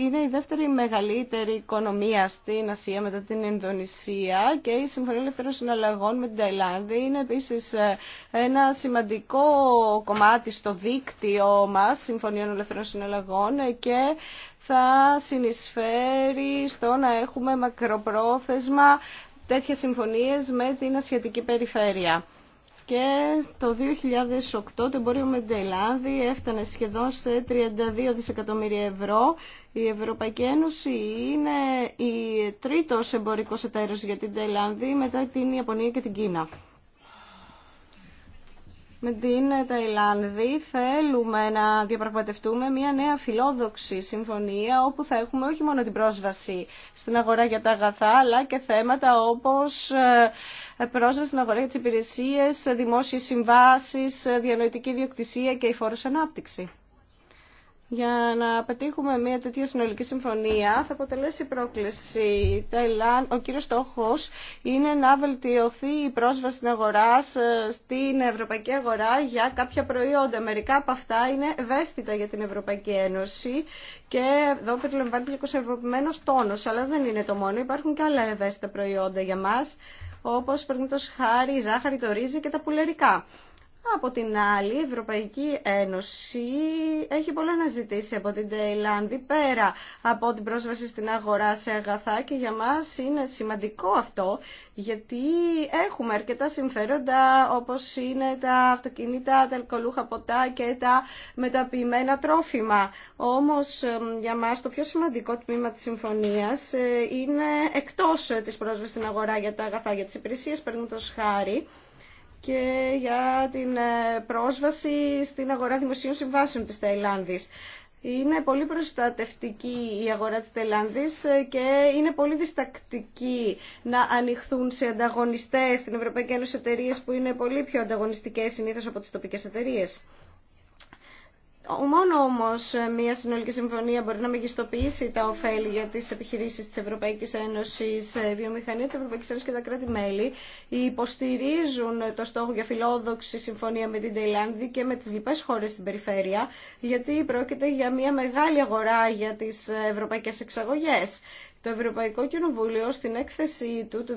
Είναι η δεύτερη μεγαλύτερη οικονομία στην Ασία μετά την Ινδονησία και η Συμφωνία Ελευθερών Συναλλαγών με την Ταϊλάνδη είναι επίσης ε, ένα σημαντικό κομμάτι στο δίκτυο μας Συμφωνίων Ελευθερών Συναλλαγών ε, και θα συνεισφέρει στο να έχουμε μακροπρόθεσμα τέτοιες συμφωνίες με την ασιατική περιφέρεια. Και το 2008 το εμπόριο με την Τελάνδη έφτανε σχεδόν σε 32 δισεκατομμύρια ευρώ. Η Ευρωπαϊκή Ένωση είναι η τρίτος εμπορικός εταίρος για την Τελάνδη μετά την Ιαπωνία και την Κίνα με την Ταϊλάνδη θέλουμε να διαπραγματευτούμε μια νέα φιλόδοξη συμφωνία όπου θα έχουμε όχι μόνο την πρόσβαση στην αγορά για τα αγαθά αλλά και θέματα όπως ε, πρόσβαση στην αγορά για τις υπηρεσίες, δημόσιες συμβάσεις, ε, διανοητική διοκτησία και η φόρος ανάπτυξη για να πετύχουμε μια τέτοια συνολική συμφωνία θα αποτελέσει πρόκληση. Ο κύριο στόχος είναι να βελτιωθεί η πρόσβαση στην αγορά, στην ευρωπαϊκή αγορά για κάποια προϊόντα. Μερικά από αυτά είναι ευαίσθητα για την Ευρωπαϊκή Ένωση και εδώ περιλαμβάνεται και ο κοσμοπημένο τόνο. Αλλά δεν είναι το μόνο. Υπάρχουν και άλλα ευαίσθητα προϊόντα για μα, όπω παραδείγματος χάρη, η ζάχαρη, το ρύζι και τα πουλερικά. Από την άλλη, η Ευρωπαϊκή Ένωση έχει πολλά να ζητήσει από την Ταϊλάνδη πέρα από την πρόσβαση στην αγορά σε αγαθά και για μας είναι σημαντικό αυτό γιατί έχουμε αρκετά συμφέροντα όπως είναι τα αυτοκίνητα, τα αλκοολούχα ποτά και τα μεταποιημένα τρόφιμα. Όμως για μας το πιο σημαντικό τμήμα της συμφωνίας ε, είναι εκτός ε, της πρόσβασης στην αγορά για τα αγαθά, για τις υπηρεσίες, παίρνουν χάρη και για την ε, πρόσβαση στην αγορά δημοσίων συμβάσεων της Ταϊλάνδης. Είναι πολύ προστατευτική η αγορά της Τελάνδης ε, και είναι πολύ διστακτική να ανοιχθούν σε ανταγωνιστές στην Ευρωπαϊκή Ένωση εταιρείε που είναι πολύ πιο ανταγωνιστικές συνήθως από τις τοπικές εταιρείε. Μόνο όμω ε, μια συνολική συμφωνία μπορεί να μεγιστοποιήσει τα ωφέλη για τι επιχειρήσει τη Ευρωπαϊκή Ένωση, ε, βιομηχανία τη Ευρωπαϊκή Ένωση και τα κράτη-μέλη. Υποστηρίζουν ε, το στόχο για φιλόδοξη συμφωνία με την Ταϊλάνδη και με τι λοιπέ χώρε στην περιφέρεια, γιατί πρόκειται για μια μεγάλη αγορά για τι ευρωπαϊκέ εξαγωγέ. Το Ευρωπαϊκό Κοινοβούλιο στην έκθεση του του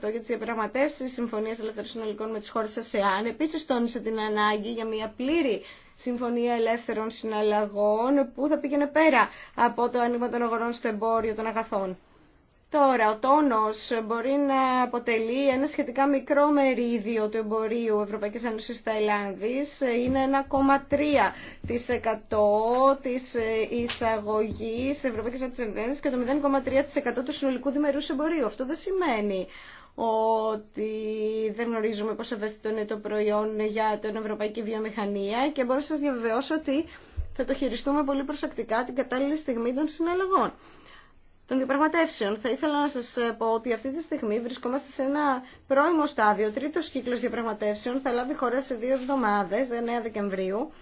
2008 για τι διαπραγματεύσει συμφωνία ελεύθερων συνολικών με τι χώρε ΑΣΕΑΝ επίση τόνισε την ανάγκη για μια πλήρη συμφωνία ελεύθερων συναλλαγών που θα πήγαινε πέρα από το άνοιγμα των αγορών στο εμπόριο των αγαθών. Τώρα, ο τόνος μπορεί να αποτελεί ένα σχετικά μικρό μερίδιο του εμπορίου Ευρωπαϊκής Ένωσης Ταϊλάνδης. Είναι 1,3% της εισαγωγής Ευρωπαϊκής Ένωσης και το 0,3% του συνολικού διμερούς εμπορίου. Αυτό δεν σημαίνει ότι δεν γνωρίζουμε πόσο ευαίσθητο είναι το προϊόν για την ευρωπαϊκή βιομηχανία και μπορώ να σας διαβεβαιώσω ότι θα το χειριστούμε πολύ προσεκτικά την κατάλληλη στιγμή των συναλλαγών των διαπραγματεύσεων. Θα ήθελα να σας πω ότι αυτή τη στιγμή βρισκόμαστε σε ένα πρώιμο στάδιο. Ο τρίτος κύκλος διαπραγματεύσεων θα λάβει χώρα σε δύο εβδομάδες, 9 Δεκεμβρίου,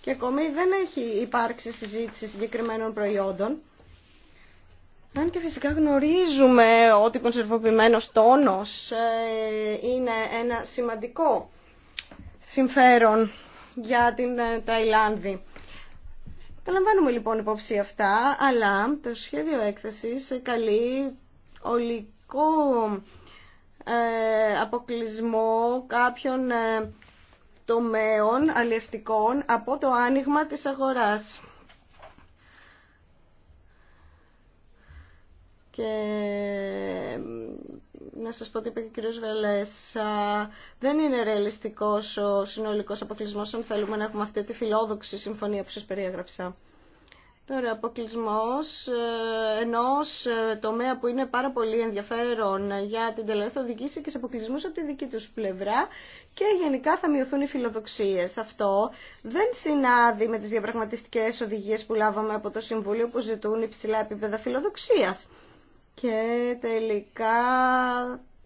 και ακόμη δεν έχει υπάρξει συζήτηση συγκεκριμένων προϊόντων. Αν και φυσικά γνωρίζουμε ότι ο κονσερβοποιημένος τόνος ε, είναι ένα σημαντικό συμφέρον για την ε, Ταϊλάνδη. Τα λαμβάνουμε λοιπόν υπόψη αυτά, αλλά το σχέδιο έκθεσης καλεί ολικό ε, αποκλεισμό κάποιων τομέων αλλιευτικών από το άνοιγμα της αγοράς. Και να σας πω ότι είπε και ο κ. α, δεν είναι ρεαλιστικός ο συνολικός αποκλεισμό αν θέλουμε να έχουμε αυτή τη φιλόδοξη συμφωνία που σας περιέγραψα. Τώρα, αποκλεισμό ε, ενό ε, τομέα που είναι πάρα πολύ ενδιαφέρον για την τελευταία οδηγήση και σε αποκλεισμού από τη δική του πλευρά και γενικά θα μειωθούν οι φιλοδοξίε. Αυτό δεν συνάδει με τι διαπραγματευτικέ οδηγίε που λάβαμε από το Συμβούλιο που ζητούν υψηλά επίπεδα φιλοδοξία και τελικά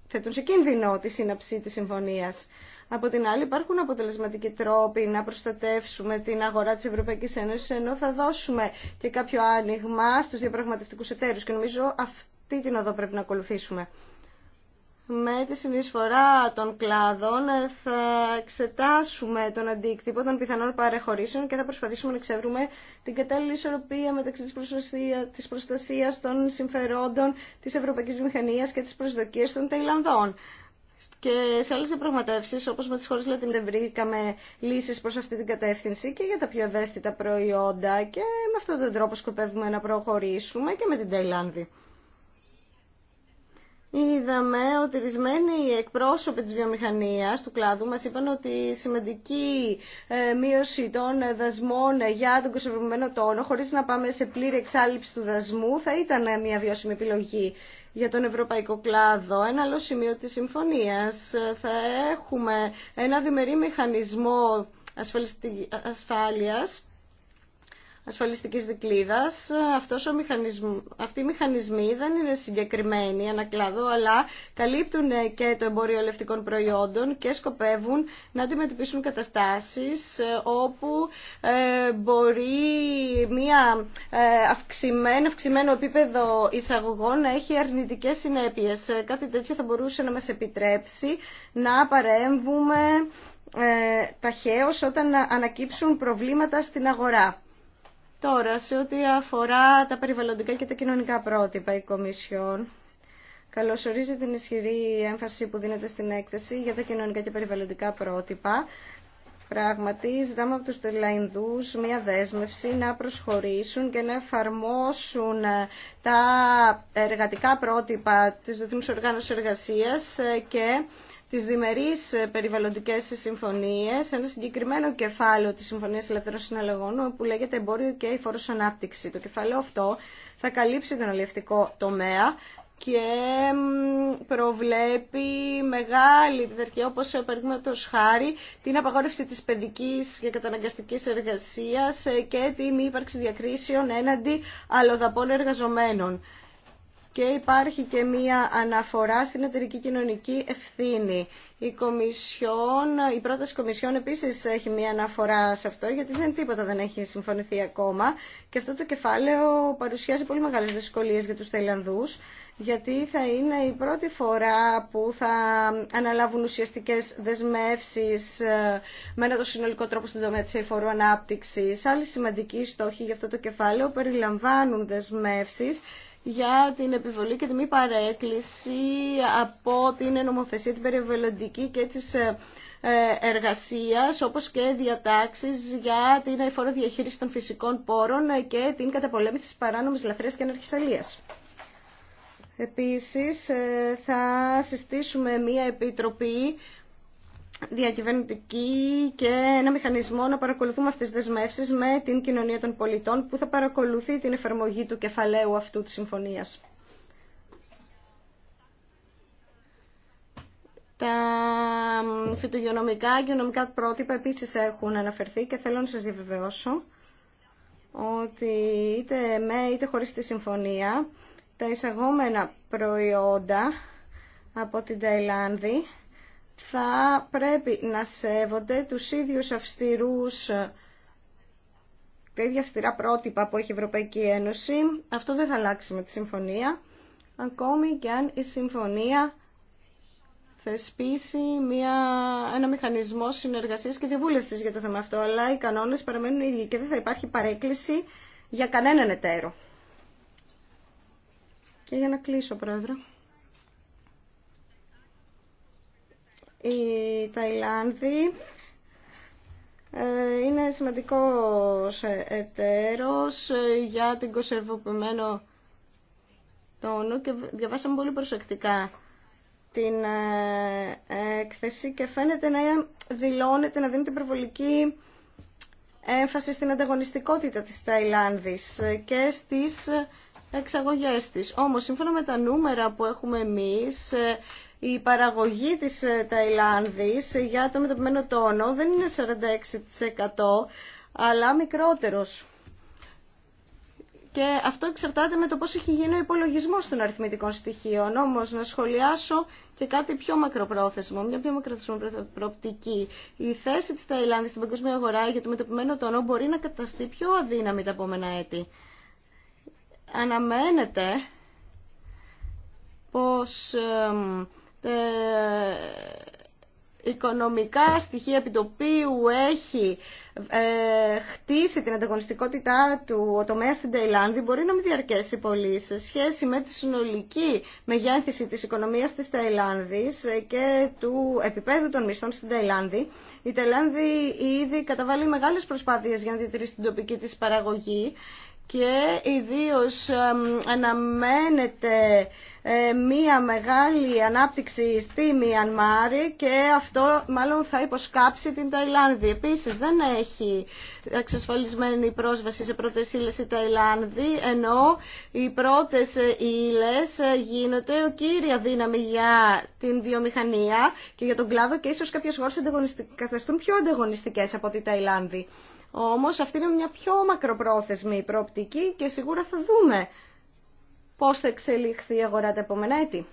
θέτουν σε κίνδυνο τη σύναψη της συμφωνίας. Από την άλλη υπάρχουν αποτελεσματικοί τρόποι να προστατεύσουμε την αγορά της Ευρωπαϊκής Ένωσης ενώ θα δώσουμε και κάποιο άνοιγμα στους διαπραγματευτικούς εταίρους και νομίζω αυτή την οδό πρέπει να ακολουθήσουμε με τη συνεισφορά των κλάδων ε, θα εξετάσουμε τον αντίκτυπο των πιθανών παρεχωρήσεων και θα προσπαθήσουμε να εξεύρουμε την κατάλληλη ισορροπία μεταξύ της, προστασία, της προστασίας των συμφερόντων της Ευρωπαϊκής Μηχανίας και της προσδοκίας των Ταϊλανδών. Και σε άλλε διαπραγματεύσει, όπω με τι χώρε δεν βρήκαμε λύσει προ αυτή την κατεύθυνση και για τα πιο ευαίσθητα προϊόντα. Και με αυτόν τον τρόπο σκοπεύουμε να προχωρήσουμε και με την Ταϊλάνδη είδαμε ότι ορισμένοι εκπρόσωποι της βιομηχανίας του κλάδου μας είπαν ότι η σημαντική ε, μείωση των ε, δασμών για τον κοσμοποιημένο τόνο χωρίς να πάμε σε πλήρη εξάλληψη του δασμού θα ήταν ε, μια βιώσιμη επιλογή για τον ευρωπαϊκό κλάδο. Ένα άλλο σημείο της συμφωνίας θα έχουμε ένα διμερή μηχανισμό ασφάλειας ασφαλιστικής δικλίδας, αυτός ο μηχανισμ... αυτοί οι μηχανισμοί δεν είναι συγκεκριμένοι ανακλάδω αλλά καλύπτουν ε, και το εμπόριο ελευτικών προϊόντων και σκοπεύουν να αντιμετωπίσουν καταστάσεις ε, όπου ε, μπορεί μια αυξημένο, αυξημένο επίπεδο εισαγωγών να έχει αρνητικές συνέπειες. Κάτι τέτοιο θα μπορούσε να μας επιτρέψει να παρέμβουμε ταχαίως όταν ανακύψουν προβλήματα στην αγορά. Τώρα, σε ό,τι αφορά τα περιβαλλοντικά και τα κοινωνικά πρότυπα, η Κομισιόν καλωσορίζει την ισχυρή έμφαση που δίνεται στην έκθεση για τα κοινωνικά και περιβαλλοντικά πρότυπα. Πράγματι, ζητάμε από τους Τελαϊνδούς μια δέσμευση να προσχωρήσουν και να εφαρμόσουν ε, τα εργατικά πρότυπα της Διεθνούς Οργάνωσης Εργασίας ε, και τις διμερείς ε, περιβαλλοντικές συμφωνίες, ένα συγκεκριμένο κεφάλαιο της Συμφωνίας Ελεύθερων Συναλλαγών που λέγεται Εμπόριο και η Φόρος Ανάπτυξη. Το κεφάλαιο αυτό θα καλύψει τον αλληλευτικό τομέα και προβλέπει μεγάλη διδαρχία, όπως ο χάρη, την απαγόρευση της παιδικής και καταναγκαστικής εργασίας ε, και τη μη ύπαρξη διακρίσεων έναντι αλλοδαπών εργαζομένων και υπάρχει και μία αναφορά στην εταιρική κοινωνική ευθύνη. Η, Κομισιόν, η πρόταση Κομισιόν επίσης έχει μία αναφορά σε αυτό γιατί δεν τίποτα δεν έχει συμφωνηθεί ακόμα και αυτό το κεφάλαιο παρουσιάζει πολύ μεγάλες δυσκολίες για τους Θαϊλανδούς γιατί θα είναι η πρώτη φορά που θα αναλάβουν ουσιαστικές δεσμεύσεις ε, με έναν το συνολικό τρόπο στην τομέα της εφορού ανάπτυξης. Άλλοι σημαντικοί στόχοι για αυτό το κεφάλαιο περιλαμβάνουν δεσμεύσεις για την επιβολή και τη μη παρέκκληση από την νομοθεσία την περιβαλλοντική και της ε, ε, εργασίας, όπως και διατάξεις για την εφόρο διαχείριση των φυσικών πόρων και την καταπολέμηση της παράνομης λαφρίας και αναρχισαλίας. Επίσης, ε, θα συστήσουμε μία επιτροπή διακυβερνητική και ένα μηχανισμό να παρακολουθούμε αυτές τις δεσμεύσεις με την κοινωνία των πολιτών που θα παρακολουθεί την εφαρμογή του κεφαλαίου αυτού της συμφωνίας. Τα φυτογεωνομικά και γεωνομικά πρότυπα επίσης έχουν αναφερθεί και θέλω να σας διαβεβαιώσω ότι είτε με είτε χωρίς τη συμφωνία τα εισαγόμενα προϊόντα από την Ταϊλάνδη θα πρέπει να σέβονται τους ίδιους αυστηρούς τα ίδια αυστηρά πρότυπα που έχει η Ευρωπαϊκή Ένωση. Αυτό δεν θα αλλάξει με τη συμφωνία, ακόμη και αν η συμφωνία θεσπίσει μια, ένα μηχανισμό συνεργασίας και διαβούλευσης για το θέμα αυτό, αλλά οι κανόνες παραμένουν ίδιοι και δεν θα υπάρχει παρέκκληση για κανέναν εταίρο. Και για να κλείσω, Πρόεδρο. η Ταϊλάνδη ε, είναι σημαντικός εταίρος για την κοσερβοποιημένο τόνο και διαβάσαμε πολύ προσεκτικά την ε, έκθεση και φαίνεται να δηλώνεται να δίνει την προβολική έμφαση στην ανταγωνιστικότητα της Ταϊλάνδης και στις Εξαγωγέ τη. Όμως, σύμφωνα με τα νούμερα που έχουμε εμείς, ε, η παραγωγή της ε, Ταϊλάνδης για το μεταπημένο τόνο δεν είναι 46% αλλά μικρότερος. Και αυτό εξαρτάται με το πώς έχει γίνει ο υπολογισμός των αριθμητικών στοιχείων. Όμως να σχολιάσω και κάτι πιο μακροπρόθεσμο, μια πιο μακροπρόθεσμο προοπτική. Η θέση της Ταϊλάνδης στην παγκόσμια αγορά για το μεταπημένο τόνο μπορεί να καταστεί πιο αδύναμη τα επόμενα έτη αναμένεται πως οικονομικά στοιχεία επιτοπίου έχει ε, χτίσει την ανταγωνιστικότητά του ο τομέας στην Ταϊλάνδη μπορεί να μην διαρκέσει πολύ σε σχέση με τη συνολική μεγέθυνση της οικονομίας της Ταϊλάνδης ε, και του επίπεδου των μισθών στην Ταϊλάνδη. Η Ταϊλάνδη ήδη καταβάλει μεγάλες προσπάθειες για να διατηρήσει την τοπική της παραγωγή και ιδίως αναμένεται ε, μία μεγάλη ανάπτυξη στη Μιανμάρη και αυτό μάλλον θα υποσκάψει την Ταϊλάνδη. Επίσης δεν έχει εξασφαλισμένη πρόσβαση σε πρώτες ύλες η Ταϊλάνδη ενώ οι πρώτες ύλες γίνονται ο κύρια δύναμη για την βιομηχανία και για τον κλάδο και ίσως κάποιες χώρες καθεστούν πιο ανταγωνιστικές από τη Ταϊλάνδη. Όμως αυτή είναι μια πιο μακροπρόθεσμη προοπτική και σίγουρα θα δούμε πώς θα εξελιχθεί η αγορά τα επόμενα έτη.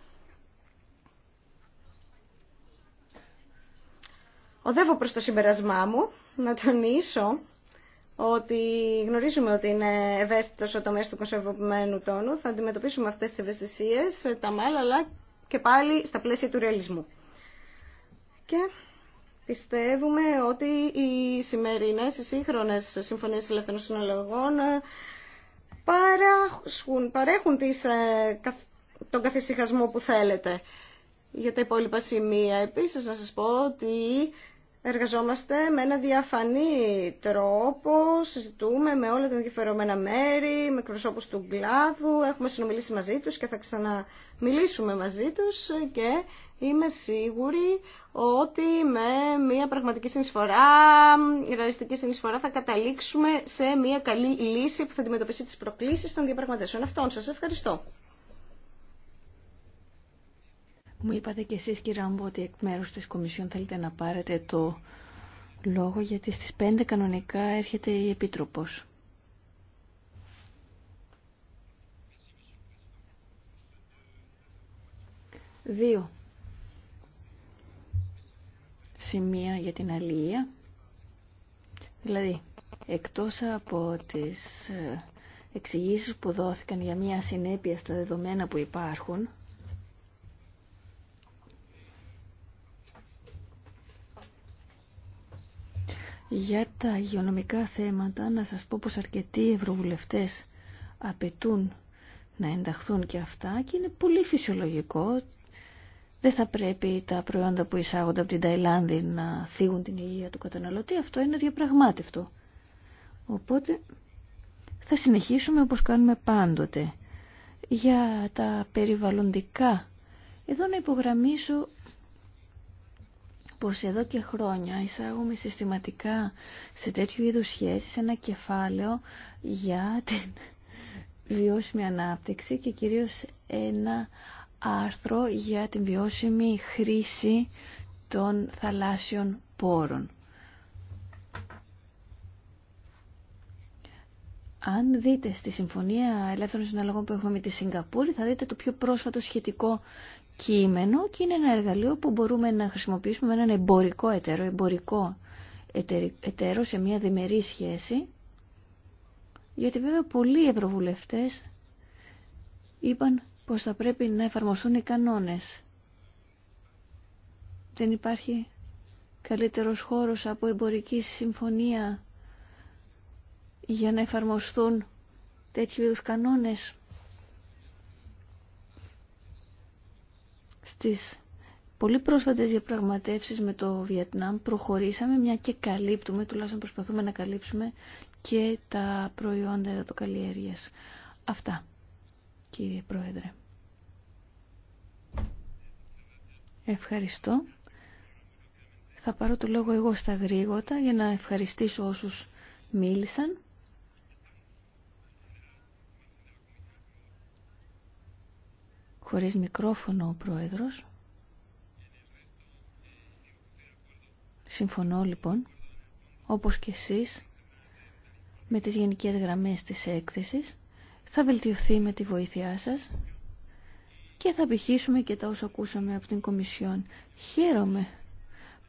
Οδεύω προς το συμπερασμά μου να τονίσω ότι γνωρίζουμε ότι είναι ευαίσθητος ο τομέας του κονσερβοποιημένου τόνου. Θα αντιμετωπίσουμε αυτές τις ευαισθησίες, τα μάλλα, αλλά και πάλι στα πλαίσια του ρεαλισμού. Και Πιστεύουμε ότι οι σημερινές, οι σύγχρονες συμφωνίες ελεύθερων συναλλαγών ε, παρέχουν, παρέχουν τις, ε, τον καθησυχασμό που θέλετε. Για τα υπόλοιπα σημεία επίσης να σας πω ότι εργαζόμαστε με ένα διαφανή τρόπο, συζητούμε με όλα τα ενδιαφερόμενα μέρη, με εκπροσώπους του κλάδου, έχουμε συνομιλήσει μαζί τους και θα ξαναμιλήσουμε μαζί τους και είμαι σίγουρη ότι με μια πραγματική συνεισφορά, ρεαλιστική συνεισφορά θα καταλήξουμε σε μια καλή λύση που θα αντιμετωπίσει τις προκλήσεις των διαπραγματεύσεων αυτών. Σας ευχαριστώ. Μου είπατε και εσείς κύριε Άμπο ότι εκ μέρους της Κομισιόν θέλετε να πάρετε το λόγο γιατί στις 5 κανονικά έρχεται η Επίτροπος. Δύο σημεία για την αλληλεία. Δηλαδή, εκτός από τις ε, εξηγήσεις που δόθηκαν για μια συνέπεια στα δεδομένα που υπάρχουν, Για τα υγειονομικά θέματα, να σας πω πως αρκετοί ευρωβουλευτές απαιτούν να ενταχθούν και αυτά και είναι πολύ φυσιολογικό δεν θα πρέπει τα προϊόντα που εισάγονται από την Ταϊλάνδη να θίγουν την υγεία του καταναλωτή. Αυτό είναι διαπραγμάτευτο. Οπότε θα συνεχίσουμε όπως κάνουμε πάντοτε. Για τα περιβαλλοντικά. Εδώ να υπογραμμίσω πως εδώ και χρόνια εισάγουμε συστηματικά σε τέτοιου είδους σχέσεις ένα κεφάλαιο για την βιώσιμη ανάπτυξη και κυρίως ένα άρθρο για την βιώσιμη χρήση των θαλάσσιων πόρων. Αν δείτε στη Συμφωνία Ελεύθερων Συναλλαγών που έχουμε με τη Σιγκαπούρη, θα δείτε το πιο πρόσφατο σχετικό κείμενο και είναι ένα εργαλείο που μπορούμε να χρησιμοποιήσουμε με έναν εμπορικό εταίρο, εμπορικό εταίρο σε μια διμερή σχέση. Γιατί βέβαια πολλοί ευρωβουλευτές είπαν πως θα πρέπει να εφαρμοστούν οι κανόνες. Δεν υπάρχει καλύτερος χώρος από εμπορική συμφωνία για να εφαρμοστούν τέτοιου είδους κανόνες στις πολύ πρόσφατες διαπραγματεύσεις με το Βιετνάμ προχωρήσαμε μια και καλύπτουμε, τουλάχιστον προσπαθούμε να καλύψουμε και τα προϊόντα καλλιέργειας. Αυτά κύριε Πρόεδρε. Ευχαριστώ. Θα πάρω το λόγο εγώ στα γρήγορα για να ευχαριστήσω όσους μίλησαν. Χωρίς μικρόφωνο ο Πρόεδρος. Συμφωνώ λοιπόν, όπως και εσείς, με τις γενικές γραμμές της έκθεσης θα βελτιωθεί με τη βοήθειά σας και θα πηχήσουμε και τα όσα ακούσαμε από την Κομισιόν. Χαίρομαι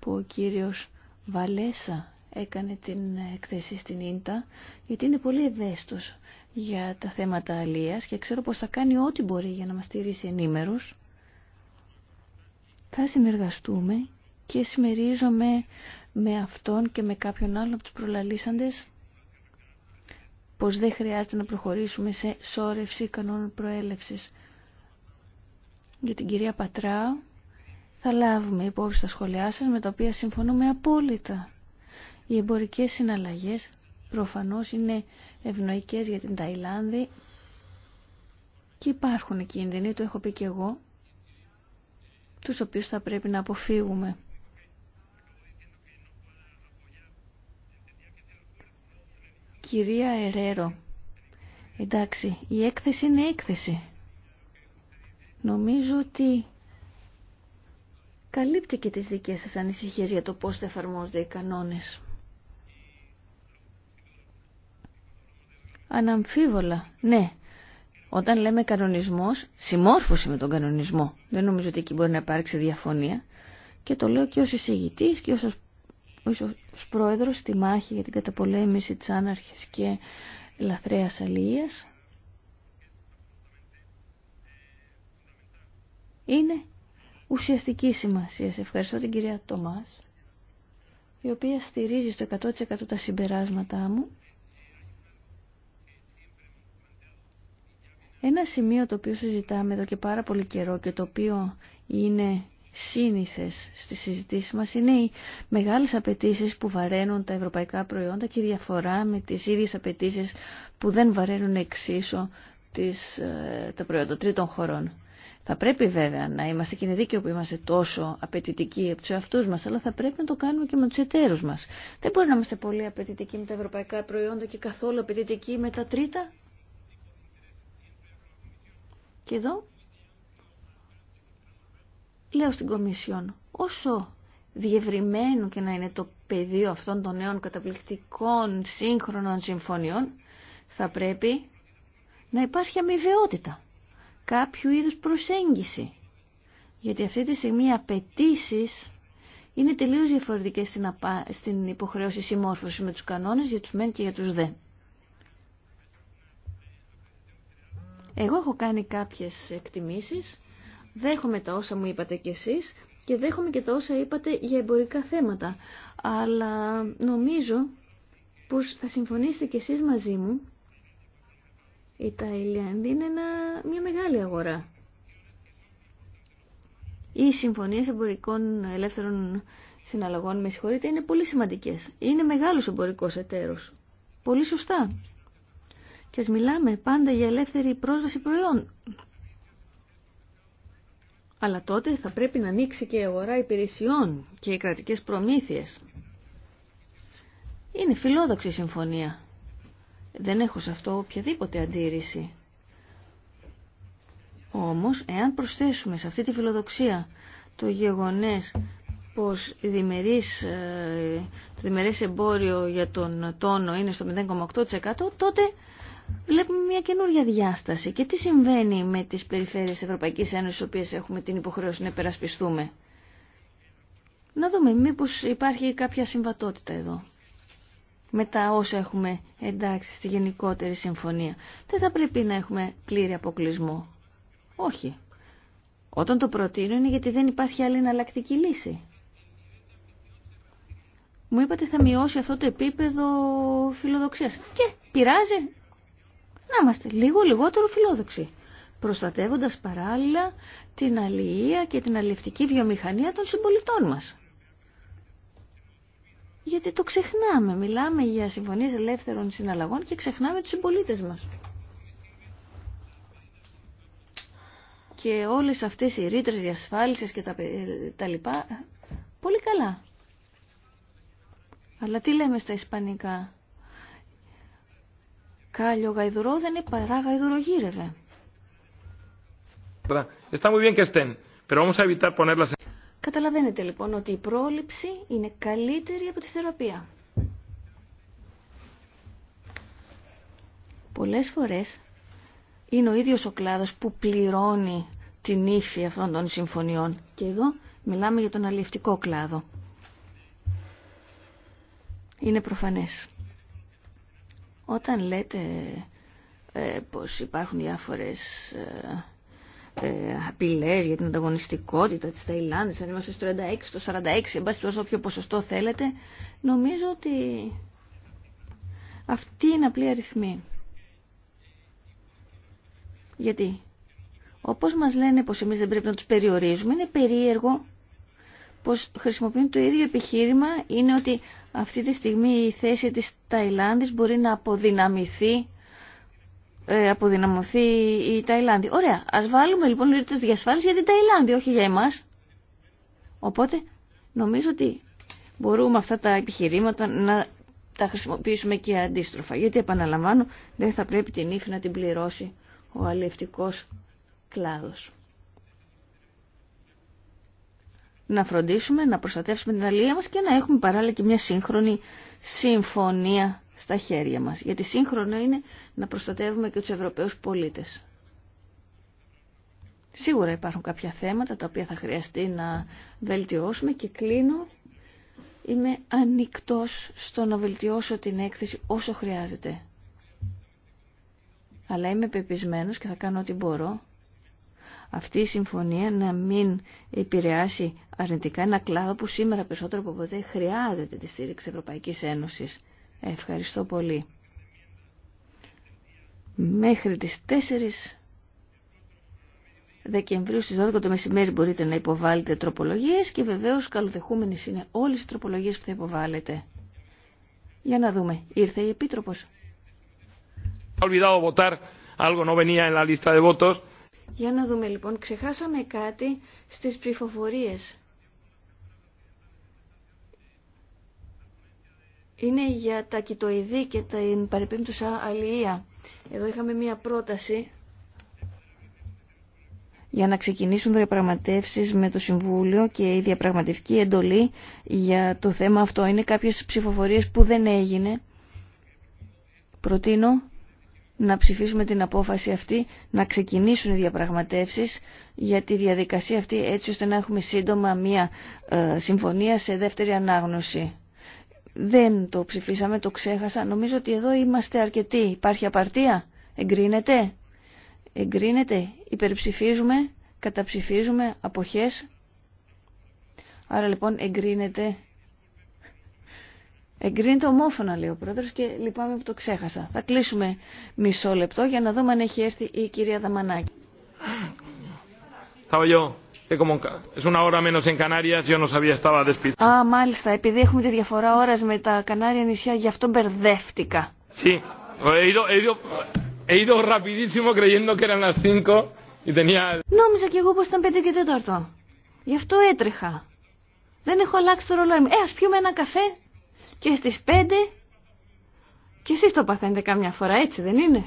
που ο κύριος Βαλέσα έκανε την εκθέση στην Ίντα, γιατί είναι πολύ ευαίσθητος για τα θέματα αλίας και ξέρω πως θα κάνει ό,τι μπορεί για να μας στηρίσει ενήμερους. Θα συνεργαστούμε και συμμερίζομαι με αυτόν και με κάποιον άλλον από τους προλαλήσαντες πως δεν χρειάζεται να προχωρήσουμε σε σώρευση κανόνων προέλευσης. Για την κυρία Πατρά θα λάβουμε υπόψη τα σχολιά σας με τα οποία συμφωνούμε απόλυτα. Οι εμπορικές συναλλαγές προφανώς είναι ευνοϊκές για την Ταϊλάνδη και υπάρχουν κίνδυνοι, το έχω πει και εγώ, τους οποίους θα πρέπει να αποφύγουμε. Κυρία Ερέρο, εντάξει, η έκθεση είναι έκθεση. Νομίζω ότι καλύπτει και τις δικές σας ανησυχίες για το πώς θα εφαρμόζονται οι κανόνες. Αναμφίβολα, ναι. Όταν λέμε κανονισμός, συμμόρφωση με τον κανονισμό. Δεν νομίζω ότι εκεί μπορεί να υπάρξει διαφωνία. Και το λέω και ως εισηγητής και ως ως πρόεδρος στη μάχη για την καταπολέμηση της άναρχης και λαθρέας αλληλίας είναι ουσιαστική σημασία. Σε ευχαριστώ την κυρία Τομάς η οποία στηρίζει στο 100% τα συμπεράσματά μου Ένα σημείο το οποίο συζητάμε εδώ και πάρα πολύ καιρό και το οποίο είναι σύνηθες στις συζητήσεις μας είναι οι μεγάλες απαιτήσει που βαραίνουν τα ευρωπαϊκά προϊόντα και η διαφορά με τις ίδιες απαιτήσει που δεν βαραίνουν εξίσου τις, ε, τα προϊόντα τρίτων χωρών. Θα πρέπει βέβαια να είμαστε και είναι δίκαιο που είμαστε τόσο απαιτητικοί από του εαυτού μα, αλλά θα πρέπει να το κάνουμε και με του εταίρου μα. Δεν μπορεί να είμαστε πολύ απαιτητικοί με τα ευρωπαϊκά προϊόντα και καθόλου απαιτητικοί με τα τρίτα. Και εδώ λέω στην Κομισιόν, όσο διευρυμένο και να είναι το πεδίο αυτών των νέων καταπληκτικών σύγχρονων συμφωνιών, θα πρέπει να υπάρχει αμοιβαιότητα, κάποιο είδους προσέγγιση. Γιατί αυτή τη στιγμή οι απαιτήσει είναι τελείως διαφορετικέ στην, στην υποχρέωση συμμόρφωση με τους κανόνες για τους μεν και για τους δε. Εγώ έχω κάνει κάποιες εκτιμήσεις Δέχομαι τα όσα μου είπατε κι εσείς και δέχομαι και τα όσα είπατε για εμπορικά θέματα. Αλλά νομίζω πως θα συμφωνήσετε κι εσείς μαζί μου. Η Ταϊλάνδη είναι μια μεγάλη αγορά. Οι συμφωνίε εμπορικών ελεύθερων συναλλαγών, με συγχωρείτε, είναι πολύ σημαντικές. Είναι μεγάλος εμπορικός εταίρος. Πολύ σωστά. Και ας μιλάμε πάντα για ελεύθερη πρόσβαση προϊόν. Αλλά τότε θα πρέπει να ανοίξει και η αγορά υπηρεσιών και οι κρατικές προμήθειες. Είναι φιλόδοξη συμφωνία. Δεν έχω σε αυτό οποιαδήποτε αντίρρηση. Όμως, εάν προσθέσουμε σε αυτή τη φιλοδοξία το γεγονές πως διμερής, ε, το διμερές εμπόριο για τον τόνο είναι στο 0,8% τότε βλέπουμε μια καινούργια διάσταση. Και τι συμβαίνει με τις περιφέρειες Ευρωπαϊκής Ένωσης, οποίες έχουμε την υποχρέωση να υπερασπιστούμε. Να δούμε μήπως υπάρχει κάποια συμβατότητα εδώ με τα όσα έχουμε εντάξει στη γενικότερη συμφωνία. Δεν θα πρέπει να έχουμε πλήρη αποκλεισμό. Όχι. Όταν το προτείνω είναι γιατί δεν υπάρχει άλλη εναλλακτική λύση. Μου είπατε θα μειώσει αυτό το επίπεδο φιλοδοξίας. Και πειράζει να είμαστε λίγο λιγότερο φιλόδοξοι προστατεύοντας παράλληλα την αλληλεία και την αλληλευτική βιομηχανία των συμπολιτών μας. Γιατί το ξεχνάμε. Μιλάμε για συμφωνίες ελεύθερων συναλλαγών και ξεχνάμε τους συμπολίτες μας. Και όλες αυτές οι ρήτρες διασφάλισης και τα, τα λοιπά, πολύ καλά. Αλλά τι λέμε στα ισπανικά κάλιο γαϊδουρό δεν είναι παρά γαϊδουρογύρευε. Καταλαβαίνετε λοιπόν ότι η πρόληψη είναι καλύτερη από τη θεραπεία. Πολλές φορές είναι ο ίδιος ο κλάδος που πληρώνει την ύφη αυτών των συμφωνιών. Και εδώ μιλάμε για τον αλληλευτικό κλάδο. Είναι προφανές. Όταν λέτε ε, πως υπάρχουν διάφορες ε, ε, απειλές για την ανταγωνιστικότητα της Ταϊλάνδης, αν είμαστε στο 36, στο 46, εν πάση όποιο ποσοστό θέλετε, νομίζω ότι αυτή είναι απλή αριθμή. Γιατί όπως μας λένε πως εμείς δεν πρέπει να τους περιορίζουμε, είναι περίεργο πως χρησιμοποιούν το ίδιο επιχείρημα, είναι ότι αυτή τη στιγμή η θέση της Ταϊλάνδης μπορεί να αποδυναμηθεί ε, αποδυναμωθεί η Ταϊλάνδη. Ωραία, ας βάλουμε λοιπόν ρήτρες διασφάλιση για την Ταϊλάνδη, όχι για εμάς. Οπότε νομίζω ότι μπορούμε αυτά τα επιχειρήματα να τα χρησιμοποιήσουμε και αντίστροφα. Γιατί επαναλαμβάνω, δεν θα πρέπει την ύφη να την πληρώσει ο αλληλευτικός κλάδος. να φροντίσουμε, να προστατεύσουμε την αλληλεία μας και να έχουμε παράλληλα και μια σύγχρονη συμφωνία στα χέρια μας. Γιατί σύγχρονο είναι να προστατεύουμε και τους Ευρωπαίους πολίτες. Σίγουρα υπάρχουν κάποια θέματα τα οποία θα χρειαστεί να βελτιώσουμε και κλείνω. Είμαι ανοιχτό στο να βελτιώσω την έκθεση όσο χρειάζεται. Αλλά είμαι πεπισμένος και θα κάνω ό,τι μπορώ αυτή η συμφωνία να μην επηρεάσει αρνητικά ένα κλάδο που σήμερα περισσότερο από ποτέ χρειάζεται τη στήριξη Ευρωπαϊκής Ένωσης. Ευχαριστώ πολύ. Μέχρι τις 4 Δεκεμβρίου στις 12 το μεσημέρι μπορείτε να υποβάλλετε τροπολογίες και βεβαίως καλοδεχούμενες είναι όλες οι τροπολογίες που θα υποβάλλετε. Για να δούμε. Ήρθε η Επίτροπος. Για να δούμε λοιπόν, ξεχάσαμε κάτι στις ψηφοφορίες. Είναι για τα κοιτοειδή και την παρεπίμπτουσα αλληλεία. Εδώ είχαμε μία πρόταση για να ξεκινήσουν διαπραγματεύσει με το Συμβούλιο και η διαπραγματευτική εντολή για το θέμα αυτό. Είναι κάποιες ψηφοφορίες που δεν έγινε. Προτείνω να ψηφίσουμε την απόφαση αυτή, να ξεκινήσουν οι διαπραγματεύσεις για τη διαδικασία αυτή έτσι ώστε να έχουμε σύντομα μία ε, συμφωνία σε δεύτερη ανάγνωση. Δεν το ψηφίσαμε, το ξέχασα. Νομίζω ότι εδώ είμαστε αρκετοί. Υπάρχει απαρτία. Εγκρίνεται. Εγκρίνεται. Υπερψηφίζουμε. Καταψηφίζουμε. Αποχές. Άρα λοιπόν εγκρίνεται Εγκρίνεται ομόφωνα, λέει ο πρόεδρο, και λυπάμαι που το ξέχασα. Θα κλείσουμε μισό λεπτό για να δούμε αν έχει έρθει η κυρία Δαμανάκη. Α, μάλιστα, επειδή έχουμε τη διαφορά ώρα με τα Κανάρια νησιά, γι' αυτό μπερδεύτηκα. Sí, he ido, rapidísimo creyendo que eran las 5 y tenía. Νόμιζα κι εγώ πω ήταν 5 και 4. Γι' αυτό έτρεχα. Δεν έχω αλλάξει το ρολόι μου. Ε, α πιούμε ένα καφέ και στι 5 κι εσείς το παθαίνετε κάμια φορά, έτσι δεν είναι.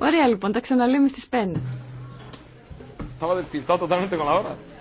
Ωραία λοιπόν, τα ξαναλέμε στι 5.